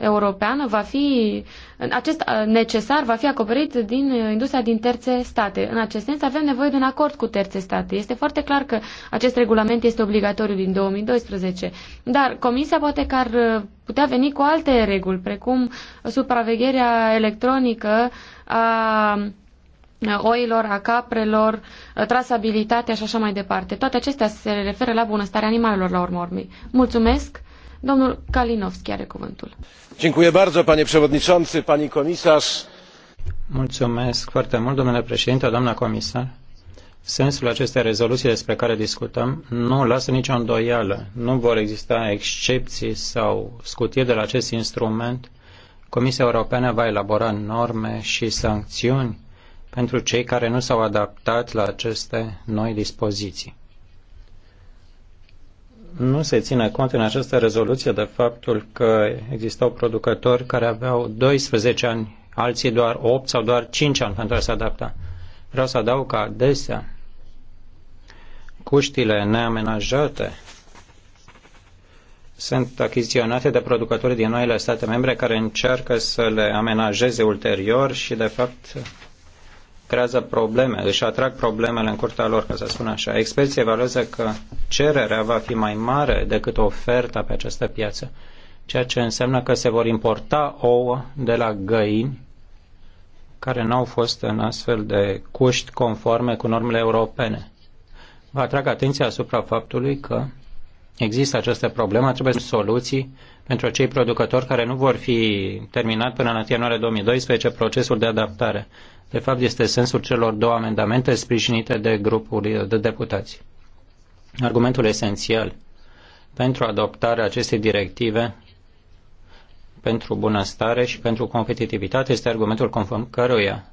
Speaker 5: europeană va fi, acest necesar va fi acoperit din industria din terțe state. În acest sens avem nevoie de un acord cu terțe state. Este foarte clar că acest regulament este obligatoriu din 2012, dar Comisia poate că ar putea veni cu alte reguli, precum supravegherea electronică a oilor, a caprelor, trasabilitatea și așa mai departe. Toate acestea se referă la bunăstarea animalelor la urmă urmei. Mulțumesc! Domnul Kalinowski are cuvântul.
Speaker 7: Dziękuję bardzo, panie przewodniczący, pani komisarz.
Speaker 6: Mulțumesc foarte mult, domnule președinte, doamna comisar. Sensul acestei rezoluții despre care discutăm nu lasă nicio îndoială. Nu vor exista excepții sau scutiri de la acest instrument. Comisia Europeană va elabora norme și sancțiuni pentru cei care nu s-au adaptat la aceste noi dispoziții nu se ține cont în această rezoluție de faptul că existau producători care aveau 12 ani, alții doar 8 sau doar 5 ani pentru a se adapta. Vreau să adaug că adesea cuștile neamenajate sunt achiziționate de producători din noile state membre care încearcă să le amenajeze ulterior și, de fapt, creează probleme, își atrag problemele în curtea lor, ca să spun așa. Experții evaluează că cererea va fi mai mare decât oferta pe această piață, ceea ce înseamnă că se vor importa ouă de la găini care n-au fost în astfel de cuști conforme cu normele europene. Vă atrag atenția asupra faptului că există această problemă, trebuie soluții pentru cei producători care nu vor fi terminat până în ianuarie 2012 procesul de adaptare. De fapt, este sensul celor două amendamente sprijinite de grupul de deputați. Argumentul esențial pentru adoptarea acestei directive pentru bunăstare și pentru competitivitate este argumentul conform căruia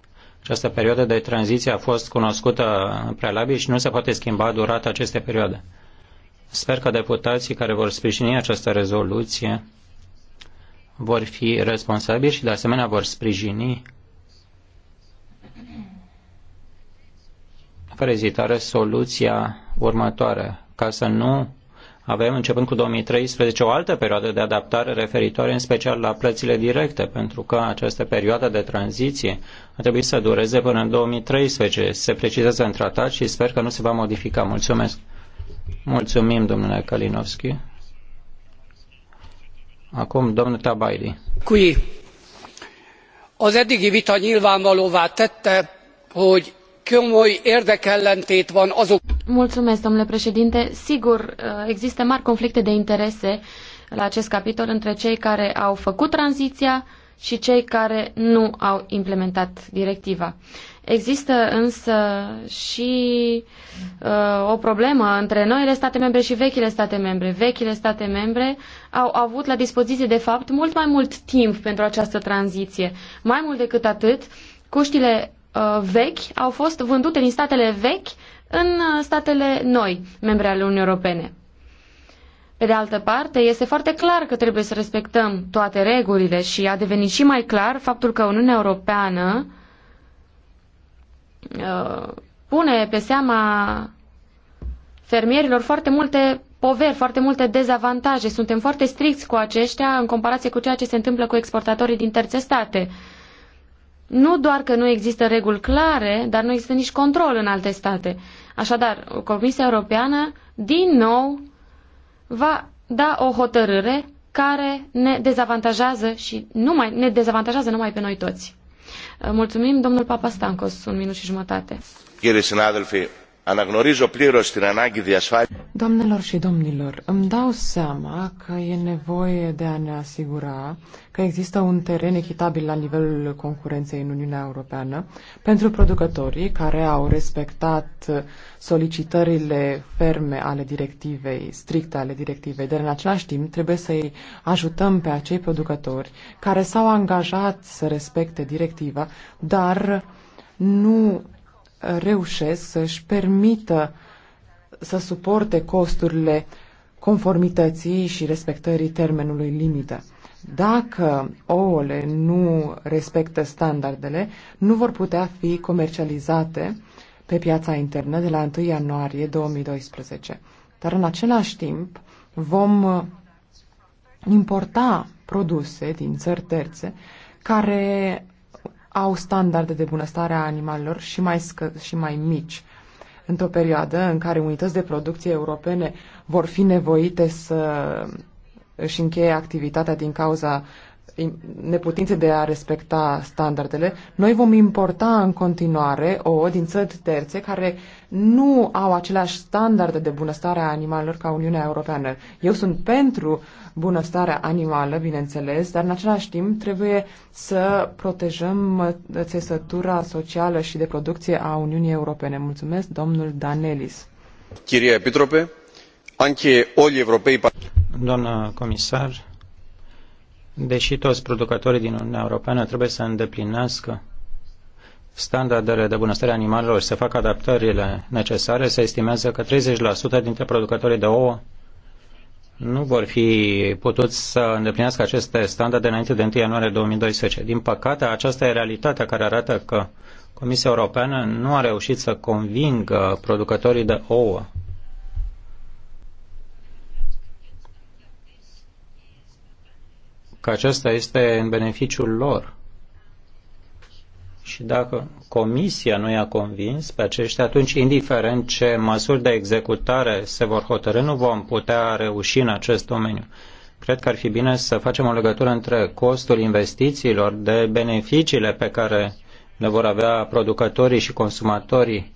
Speaker 6: această perioadă de tranziție a fost cunoscută în prealabil și nu se poate schimba durata acestei perioade. Sper că deputații care vor sprijini această rezoluție vor fi responsabili și de asemenea vor sprijini fără ezitare soluția următoare, ca să nu avem, începând cu 2013, o altă perioadă de adaptare referitoare în special la plățile directe, pentru că această perioadă de tranziție a trebuit să dureze până în 2013. Se precizează în tratat și sper că nu se va modifica. Mulțumesc! Mulțumim, domnule Kalinowski. Acum, domnul Tabaidi.
Speaker 5: Cui.
Speaker 3: Az eddigi vita nyilvánvalóvá tette, hogy komoly érdekellentét van azok...
Speaker 5: Mulțumesc, domnule președinte. Sigur, eh, există mari conflicte de interese la acest capitol între cei care au făcut tranziția și cei care nu au implementat directiva. Există însă și uh, o problemă între noile state membre și vechile state membre. Vechile state membre au avut la dispoziție, de fapt, mult mai mult timp pentru această tranziție. Mai mult decât atât, cuștile uh, vechi au fost vândute din statele vechi în uh, statele noi, membre ale Uniunii Europene. Pe de altă parte, este foarte clar că trebuie să respectăm toate regulile și a devenit și mai clar faptul că Uniunea Europeană Uh, pune pe seama fermierilor foarte multe poveri, foarte multe dezavantaje. Suntem foarte stricți cu aceștia în comparație cu ceea ce se întâmplă cu exportatorii din terțe state. Nu doar că nu există reguli clare, dar nu există nici control în alte state. Așadar, Comisia Europeană, din nou, va da o hotărâre care ne dezavantajează și numai, ne dezavantajează numai pe noi toți. Mulțumim, domnul Papa Stancos, un minut și jumătate.
Speaker 2: Αναγνωρίζω πλήρως την ανάγκη διασφάλισης.
Speaker 3: Doamnelor și domnilor, îmi dau seama că e nevoie de a ne asigura că există un teren echitabil la nivelul concurenței în Uniunea Europeană pentru producătorii care au respectat solicitările ferme ale directivei, stricte ale directivei, dar în același timp trebuie să-i ajutăm pe acei producători care s-au angajat să respecte directiva, dar nu reușesc să-și permită să suporte costurile conformității și respectării termenului limită. Dacă ouăle nu respectă standardele, nu vor putea fi comercializate pe piața internă de la 1 ianuarie 2012. Dar în același timp vom importa produse din țări terțe care au standarde de bunăstare a animalelor și mai, scă- și mai mici. Într-o perioadă în care unități de producție europene vor fi nevoite să își încheie activitatea din cauza neputințe de a respecta standardele, noi vom importa în continuare o din țări terțe care nu au aceleași standarde de bunăstare a animalelor ca Uniunea Europeană. Eu sunt pentru bunăstarea animală, bineînțeles, dar în același timp trebuie să protejăm uh, țesătura socială și de producție a Uniunii Europene. Mulțumesc, domnul Danelis.
Speaker 1: Chiria Epitrope, anche oli europei...
Speaker 6: Doamna comisar, Deși toți producătorii din Uniunea Europeană trebuie să îndeplinească standardele de bunăstare animalelor, să facă adaptările necesare, se estimează că 30% dintre producătorii de ouă nu vor fi putut să îndeplinească aceste standarde înainte de 1 ianuarie 2012. Din păcate, aceasta e realitatea care arată că Comisia Europeană nu a reușit să convingă producătorii de ouă că acesta este în beneficiul lor. Și dacă comisia nu i-a convins pe aceștia, atunci, indiferent ce măsuri de executare se vor hotărâ, nu vom putea reuși în acest domeniu. Cred că ar fi bine să facem o legătură între costul investițiilor de beneficiile pe care le vor avea producătorii și consumatorii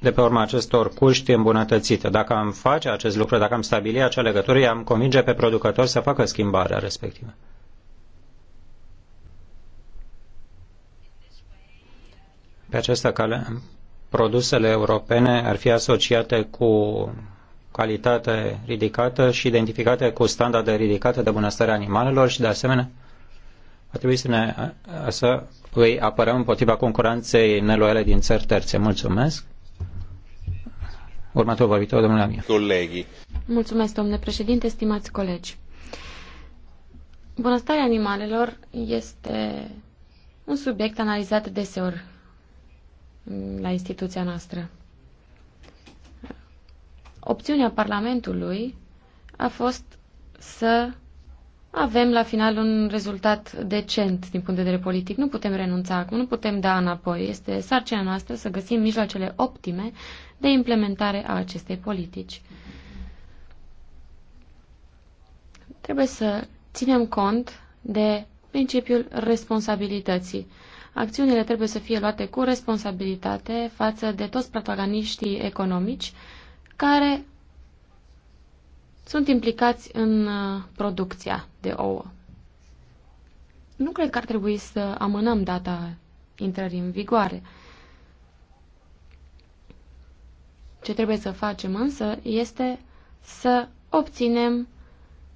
Speaker 6: de pe urma acestor cuști îmbunătățite. Dacă am face acest lucru, dacă am stabili acea legătură, am convinge pe producători să facă schimbarea respectivă. Pe această cale, produsele europene ar fi asociate cu calitate ridicată și identificate cu standarde ridicate de bunăstare animalelor și, de asemenea, ar trebui să, ne, să îi apărăm împotriva concurenței neloiale din țări terțe. Mulțumesc. Următorul vorbitor, domnule Amir.
Speaker 2: Colegii.
Speaker 5: Mulțumesc, domnule președinte, stimați colegi. Bunăstarea animalelor este un subiect analizat deseori la instituția noastră. Opțiunea Parlamentului a fost să avem la final un rezultat decent din punct de vedere politic. Nu putem renunța acum, nu putem da înapoi. Este sarcina noastră să găsim mijloacele optime de implementare a acestei politici. Trebuie să ținem cont de principiul responsabilității. Acțiunile trebuie să fie luate cu responsabilitate față de toți protagoniștii economici care sunt implicați în uh, producția de ouă. Nu cred că ar trebui să amânăm data intrării în vigoare. Ce trebuie să facem însă este să obținem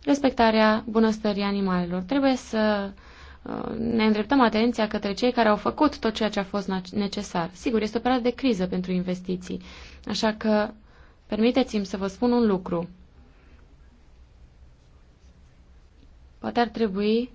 Speaker 5: respectarea bunăstării animalelor. Trebuie să ne îndreptăm atenția către cei care au făcut tot ceea ce a fost necesar. Sigur, este o perioadă de criză pentru investiții, așa că permiteți-mi să vă spun un lucru. Poate ar trebui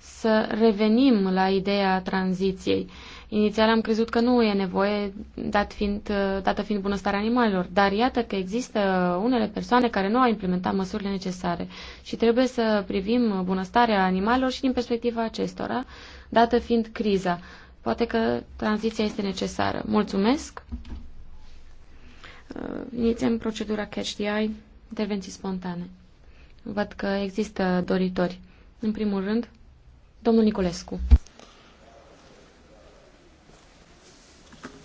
Speaker 5: să revenim la ideea tranziției. Uh, Inițial am crezut că nu e nevoie, dat fiind, dată fiind bunăstarea animalelor, dar iată că există unele persoane care nu au implementat măsurile necesare și trebuie să privim bunăstarea animalelor și din perspectiva acestora, dată fiind criza. Poate că tranziția este necesară. Mulțumesc! Uh, inițiem procedura Catch the Eye, intervenții spontane. Văd că există doritori. În primul rând, domnul Niculescu.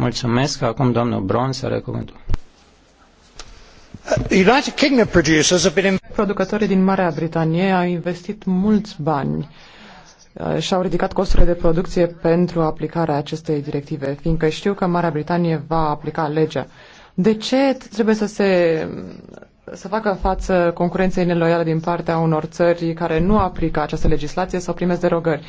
Speaker 6: Mulțumesc. Acum domnul Brons are cuvântul.
Speaker 3: Uh, United Kingdom producers have been... Producătorii din Marea Britanie au investit mulți bani uh, și-au ridicat costurile de producție pentru aplicarea acestei directive, fiindcă știu că Marea Britanie va aplica legea. De ce trebuie să se să facă față concurenței neloiale din partea unor țări care nu aplică această legislație sau primesc derogări?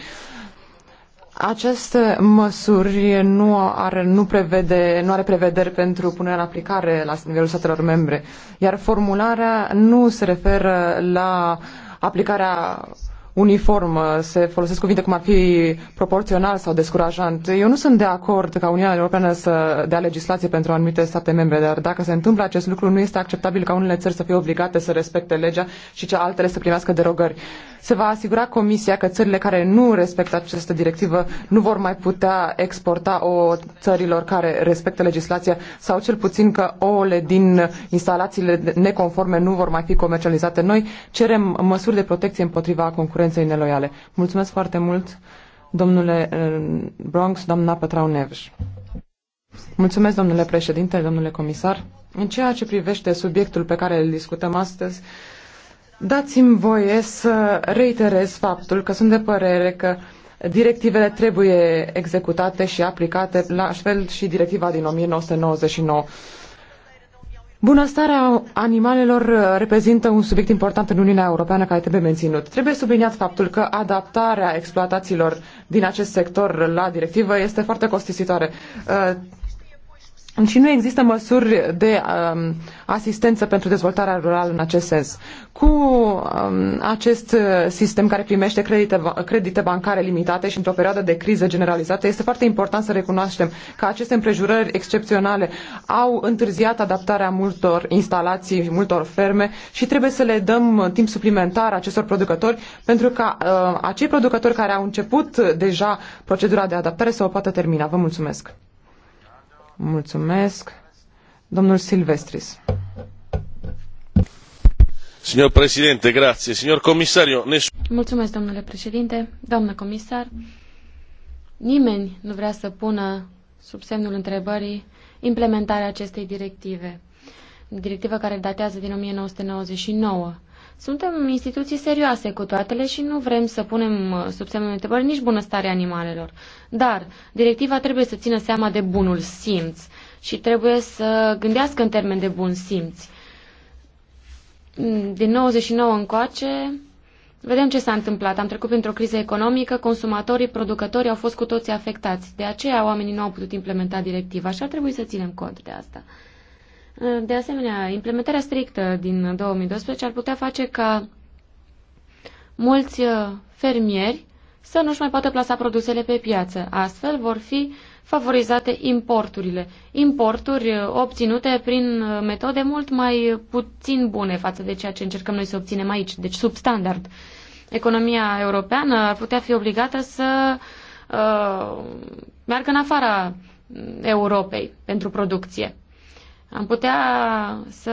Speaker 3: Aceste măsuri nu are, nu, prevede, nu are prevederi pentru punerea în aplicare la nivelul statelor membre, iar formularea nu se referă la aplicarea uniform, uh, se folosesc cuvinte cum ar fi proporțional sau descurajant. Eu nu sunt de acord ca Uniunea Europeană să dea legislație pentru anumite state membre, dar dacă se întâmplă acest lucru, nu este acceptabil ca unele țări să fie obligate să respecte legea și ce altele să primească derogări. Se va asigura Comisia că țările care nu respectă această directivă nu vor mai putea exporta o țărilor care respectă legislația sau cel puțin că ouăle din instalațiile neconforme nu vor mai fi comercializate. Noi cerem măsuri de protecție împotriva concurenței concurenței neloiale. Mulțumesc foarte mult, domnule eh, Bronx, doamna Pătrau Nevș. Mulțumesc, domnule președinte, domnule comisar. În ceea ce privește subiectul pe care îl discutăm astăzi, dați-mi voie să reiterez faptul că sunt de părere că directivele trebuie executate și aplicate, la fel și directiva din 1999. Bunăstarea animalelor uh, reprezintă un subiect important în Uniunea Europeană care trebuie menținut. Trebuie subliniat faptul că adaptarea exploatațiilor din acest sector la directivă este foarte costisitoare. Uh, și nu există măsuri de um, asistență pentru dezvoltarea rurală în acest sens. Cu um, acest sistem care primește credite, credite bancare limitate și într-o perioadă de criză generalizată, este foarte important să recunoaștem că aceste împrejurări excepționale au întârziat adaptarea multor instalații, multor ferme și trebuie să le dăm timp suplimentar acestor producători pentru ca uh, acei producători care au început deja procedura de adaptare să o poată termina. Vă mulțumesc! Mulțumesc. Domnul Silvestris.
Speaker 2: Signor Presidente, grazie. Signor Comisario, nessun...
Speaker 5: Mulțumesc, domnule președinte, doamnă comisar. Nimeni nu vrea să pună sub semnul întrebării implementarea acestei directive. Directivă care datează din 1999. Suntem instituții serioase cu toatele și nu vrem să punem uh, sub semnul întrebării nici bunăstarea animalelor. Dar directiva trebuie să țină seama de bunul simț și trebuie să gândească în termen de bun simț. Mm, din 99 încoace, vedem ce s-a întâmplat. Am trecut printr-o criză economică, consumatorii, producătorii au fost cu toții afectați. De aceea oamenii nu au putut implementa directiva și ar trebui să ținem cont de asta. De asemenea, implementarea strictă din 2012 ar putea face ca mulți uh, fermieri să nu-și mai poată plasa produsele pe piață. Astfel vor fi favorizate importurile. Importuri uh, obținute prin uh, metode mult mai puțin bune față de ceea ce încercăm noi să obținem aici, deci substandard. Economia europeană ar putea fi obligată să uh, meargă în afara Europei pentru producție. Am putea să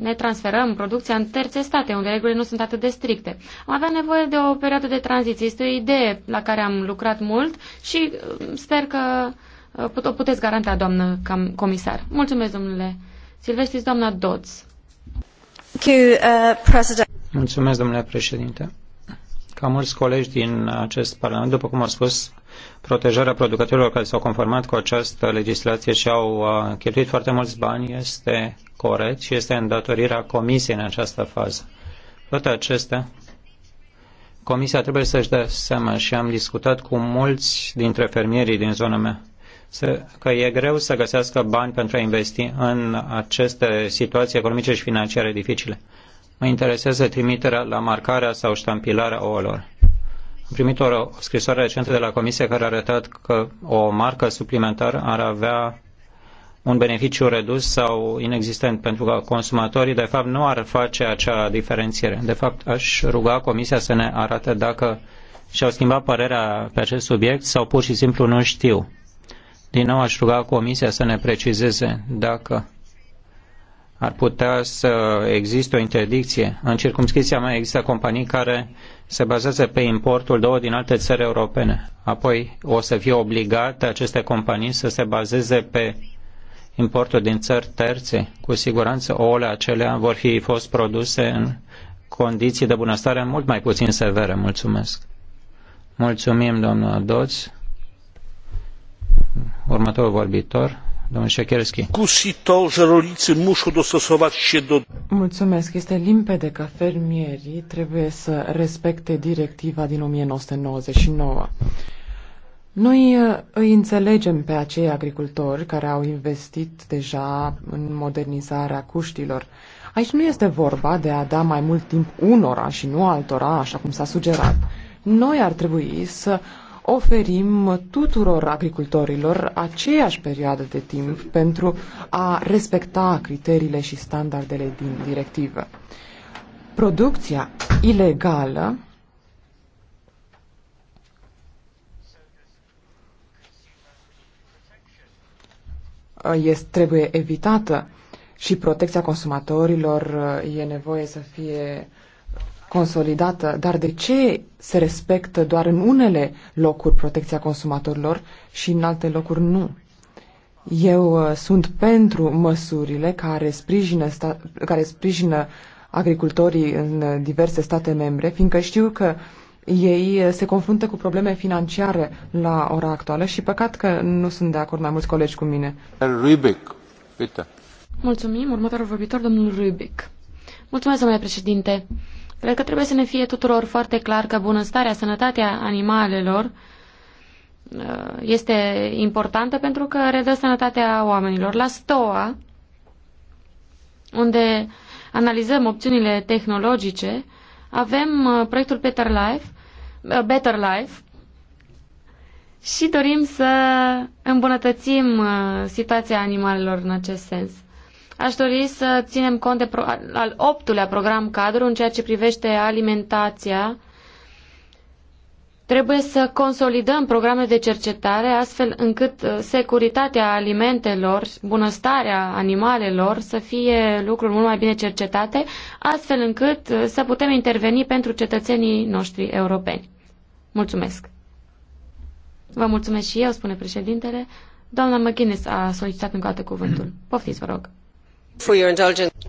Speaker 5: ne transferăm producția în terțe state, unde regulile nu sunt atât de stricte. Am avea nevoie de o perioadă de tranziție. Este o idee la care am lucrat mult și uh, sper că uh, o puteți garanta, doamnă comisar. Mulțumesc, domnule Silvestri, doamna Doț.
Speaker 7: Uh,
Speaker 6: Mulțumesc, domnule președinte. Ca mulți colegi din acest parlament, după cum au spus, Protejarea producătorilor care s-au conformat cu această legislație și au uh, cheltuit foarte mulți bani este corect și este îndatorirea Comisiei în această fază. Toate acestea, Comisia trebuie să-și dea seama și am discutat cu mulți dintre fermierii din zona mea că e greu să găsească bani pentru a investi în aceste situații economice și financiare dificile. Mă interesează trimiterea la marcarea sau ștampilarea ouălor. Am primit o scrisoare recentă de la Comisie care a arătat că o marcă suplimentară ar avea un beneficiu redus sau inexistent, pentru că consumatorii, de fapt, nu ar face acea diferențiere. De fapt, aș ruga Comisia să ne arate dacă și-au schimbat părerea pe acest subiect sau pur și simplu nu știu. Din nou aș ruga Comisia să ne precizeze dacă ar putea să existe o interdicție. În circumscriția mea există companii care se bazează pe importul două din alte țări europene. Apoi o să fie obligate aceste companii să se bazeze pe importul din țări terțe. Cu siguranță ouăle acelea vor fi fost produse în condiții de bunăstare mult mai puțin severe. Mulțumesc. Mulțumim, domnul Adoț. Următorul vorbitor domnul Șecherski.
Speaker 3: Mulțumesc. Este limpede că fermierii trebuie să respecte directiva din 1999. Noi uh, îi înțelegem pe acei agricultori care au investit deja în modernizarea cuștilor. Aici nu este vorba de a da mai mult timp unora și nu altora, așa cum s-a sugerat. Noi ar trebui să oferim tuturor agricultorilor aceeași perioadă de timp pentru a respecta criteriile și standardele din directivă. Producția ilegală este, trebuie evitată și protecția consumatorilor e nevoie să fie consolidată, dar de ce se respectă doar în unele locuri protecția consumatorilor și în alte locuri nu? Eu uh, sunt pentru măsurile care sprijină, sta, care sprijină agricultorii în uh, diverse state membre, fiindcă știu că ei uh, se confruntă cu probleme financiare la ora actuală și păcat că nu sunt de acord mai mulți colegi cu mine.
Speaker 7: Rubic,
Speaker 2: Peter.
Speaker 1: Mulțumim.
Speaker 5: Următorul vorbitor, domnul Rubic. Mulțumesc, domnule președinte. Cred că trebuie să ne fie tuturor foarte clar că bunăstarea, sănătatea animalelor uh, este importantă pentru că redă sănătatea oamenilor. La STOA, unde analizăm opțiunile tehnologice, avem uh, proiectul Better Life, uh, Better Life și dorim să îmbunătățim situația animalelor în acest sens. Aș dori să ținem cont de pro- al optulea program cadru în ceea ce privește alimentația. Trebuie să consolidăm programe de cercetare astfel încât uh, securitatea alimentelor, bunăstarea animalelor să fie lucruri mult mai bine cercetate, astfel încât uh, să putem interveni pentru cetățenii noștri europeni. Mulțumesc! Vă mulțumesc și eu, spune președintele. Doamna McGuinness a solicitat încă o dată cuvântul. Poftiți, vă rog.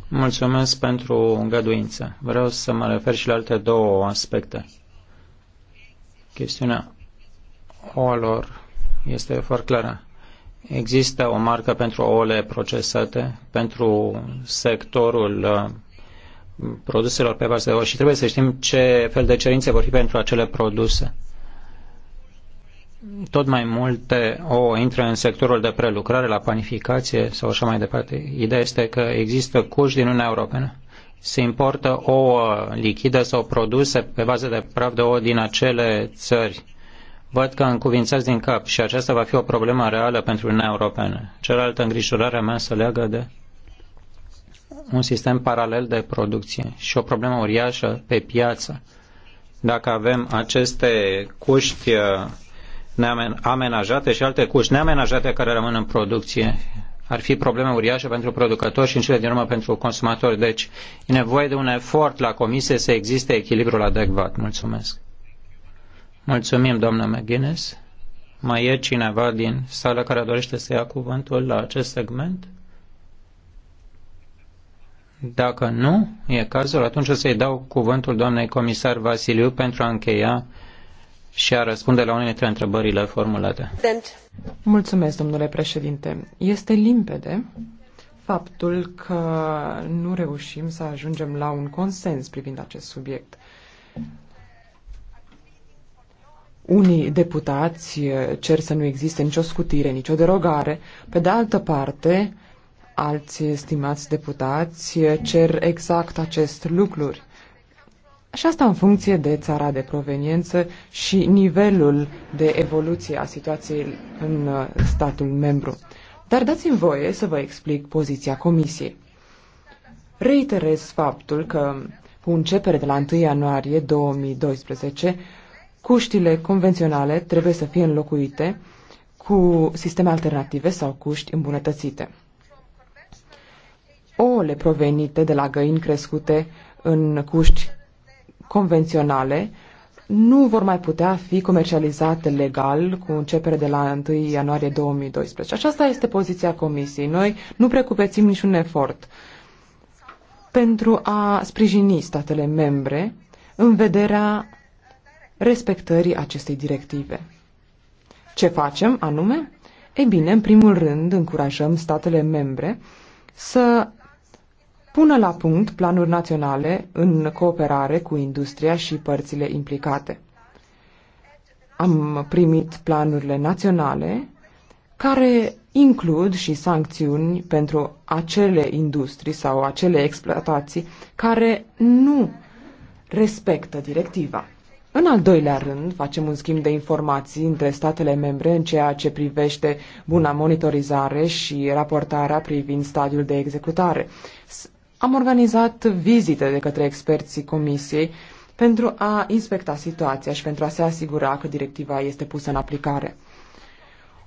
Speaker 6: Mulțumesc pentru îngăduință. Vreau să mă refer și la alte două aspecte. Chestiunea ouălor este foarte clară. Există o marcă pentru ouăle procesate, pentru sectorul uh, produselor pe bază de ouă și trebuie să știm ce fel de cerințe vor fi pentru acele produse tot mai multe o intră în sectorul de prelucrare, la panificație sau așa mai departe. Ideea este că există cuși din Uniunea Europeană. Se importă ouă lichidă sau produse pe bază de praf de ouă din acele țări. Văd că încuvințați din cap și aceasta va fi o problemă reală pentru Uniunea Europeană. Cealaltă îngrijorare a mea se leagă de un sistem paralel de producție și o problemă uriașă pe piață. Dacă avem aceste cuști neamenajate și alte cuși neamenajate care rămân în producție. Ar fi probleme uriașe pentru producători și în cele din urmă pentru consumatori. Deci e nevoie de un efort la comisie să existe echilibrul adecvat. Mulțumesc. Mulțumim, doamnă McGuinness. Mai e cineva din sală care dorește să ia cuvântul la acest segment? Dacă nu e cazul, atunci o să-i dau cuvântul doamnei comisar Vasiliu pentru a încheia și a răspunde la unele dintre întrebările formulate.
Speaker 3: Mulțumesc, domnule președinte. Este limpede faptul că nu reușim să ajungem la un consens privind acest subiect. Unii deputați cer să nu existe nicio scutire, nicio derogare. Pe de altă parte, alți stimați deputați cer exact acest lucruri și asta în funcție de țara de proveniență și nivelul de evoluție a situației în uh, statul membru. Dar dați-mi voie să vă explic poziția Comisiei. Reiterez faptul că, cu începere de la 1 ianuarie 2012, cuștile convenționale trebuie să fie înlocuite cu sisteme alternative sau cuști îmbunătățite. Ouăle provenite de la găini crescute în cuști convenționale nu vor mai putea fi comercializate legal cu începere de la 1 ianuarie 2012. Aceasta este poziția Comisiei. Noi nu precupețim niciun efort pentru a sprijini statele membre în vederea respectării acestei directive. Ce facem anume? Ei bine, în primul rând, încurajăm statele membre să pună la punct planuri naționale în cooperare cu industria și părțile implicate. Am primit planurile naționale care includ și sancțiuni pentru acele industrii sau acele exploatații care nu respectă directiva. În al doilea rând, facem un schimb de informații între statele membre în ceea ce privește buna monitorizare și raportarea privind stadiul de executare am organizat vizite de către experții comisiei pentru a inspecta situația și pentru a se asigura că directiva este pusă în aplicare.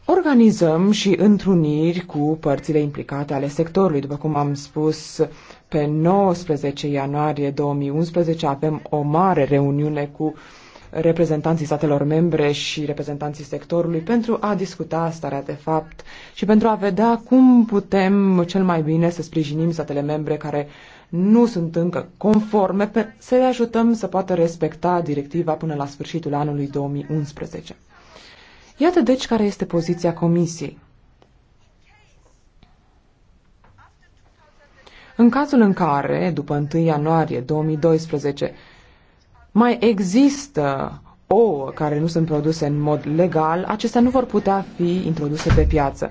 Speaker 3: Organizăm și întruniri cu părțile implicate ale sectorului. După cum am spus, pe 19 ianuarie 2011 avem o mare reuniune cu uh, reprezentanții statelor membre și reprezentanții sectorului pentru a discuta starea de fapt și pentru a vedea cum putem cel mai bine să sprijinim statele membre care nu sunt încă conforme, să le ajutăm să poată respecta directiva până la sfârșitul anului 2011. Iată deci care este poziția Comisiei. În cazul în care, după 1 ianuarie 2012, mai există ouă care nu sunt produse în mod legal, acestea nu vor putea fi introduse pe piață.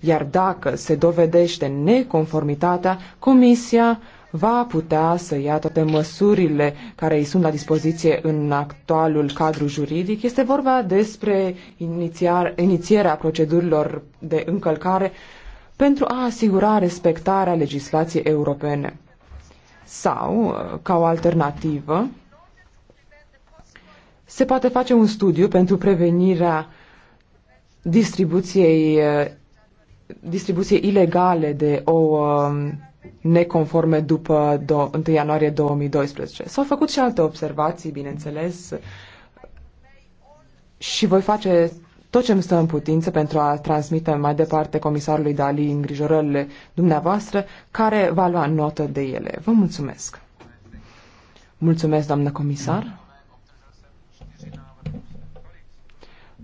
Speaker 3: Iar dacă se dovedește neconformitatea, Comisia va putea să ia toate măsurile care îi sunt la dispoziție în actualul cadru juridic. Este vorba despre inițiar, inițierea procedurilor de încălcare pentru a asigura respectarea legislației europene. Sau, uh, ca o alternativă, se poate face un studiu pentru prevenirea distribuției, eh, distribuției ilegale de ouă mm, neconforme după 1 ianuarie 2012. S-au făcut și alte observații, bineînțeles, și voi face tot ce îmi stă în putință pentru a transmite mai departe comisarului Dali îngrijorările dumneavoastră, care va lua notă de ele. Vă mulțumesc! Mulțumesc, doamnă comisar!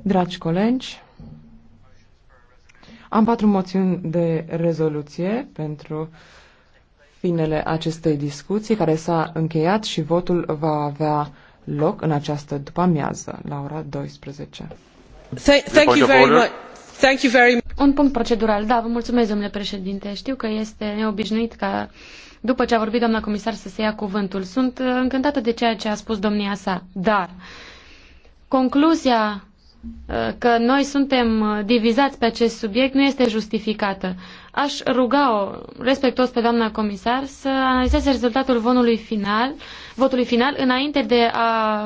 Speaker 3: Dragi colegi, am patru moțiuni de rezoluție pentru finele acestei discuții, care s-a încheiat și votul va avea loc în această după-amiază, la ora 12. Thank, you very much.
Speaker 5: Thank you very much. Un punct procedural. Da, vă mulțumesc, domnule președinte. Știu că este neobișnuit ca după ce a vorbit doamna comisar să se ia cuvântul. Sunt uh, încântată de ceea ce a spus domnia sa, dar concluzia Uh, că noi suntem uh, divizați pe acest subiect nu este justificată. Aș ruga-o respectuos pe doamna comisar să analizeze rezultatul votului final, votului final înainte de a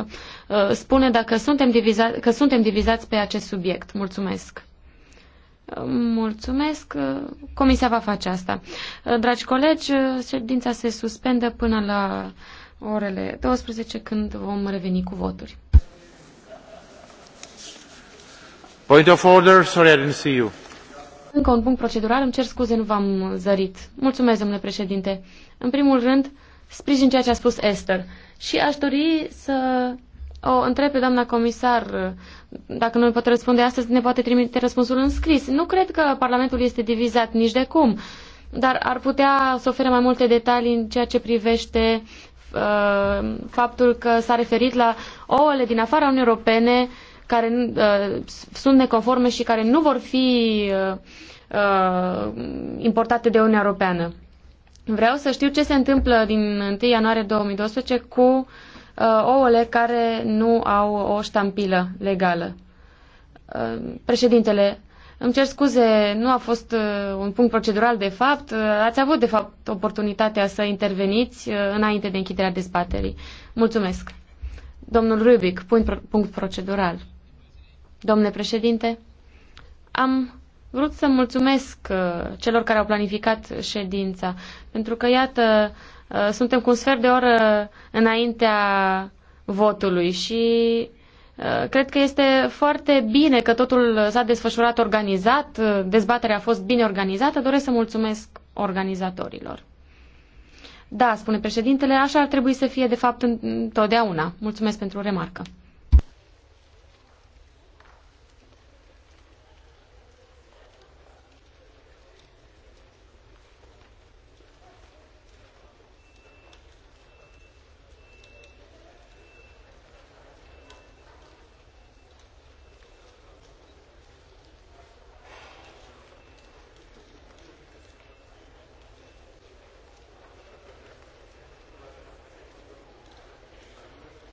Speaker 5: uh, spune dacă suntem divizați, că suntem divizați pe acest subiect. Mulțumesc! Mulțumesc. Comisia va face asta. Dragi colegi, ședința se suspendă până la orele 12 când vom reveni cu voturi.
Speaker 6: Point of order, sorry, I didn't see you.
Speaker 5: Încă un punct procedural, îmi cer scuze, nu v-am zărit. Mulțumesc, domnule președinte. În primul rând, sprijin ceea ce a spus Esther. Și aș dori să o întreb pe doamna comisar dacă nu poate răspunde astăzi, ne poate trimite răspunsul în scris. Nu cred că Parlamentul este divizat nici de cum, dar ar putea să ofere mai multe detalii în ceea ce privește uh, faptul că s-a referit la ouăle din afara Uniunii Europene care uh, sunt neconforme și care nu vor fi uh, uh, importate de Uniunea Europeană. Vreau să știu ce se întâmplă din 1 ianuarie 2012 cu uh, ouăle care nu au o ștampilă legală. Uh, președintele, îmi cer scuze, nu a fost uh, un punct procedural de fapt. Uh, ați avut de fapt oportunitatea să interveniți uh, înainte de închiderea dezbaterii. Mulțumesc. Domnul Rubic, punct, punct procedural. Domnule președinte, am vrut să mulțumesc uh, celor care au planificat ședința, pentru că, iată, uh, suntem cu un sfert de oră înaintea votului și uh, Cred că este foarte bine că totul s-a desfășurat organizat, dezbaterea a fost bine organizată, doresc să mulțumesc organizatorilor. Da, spune președintele, așa ar trebui să fie de fapt întotdeauna. Mulțumesc pentru remarcă.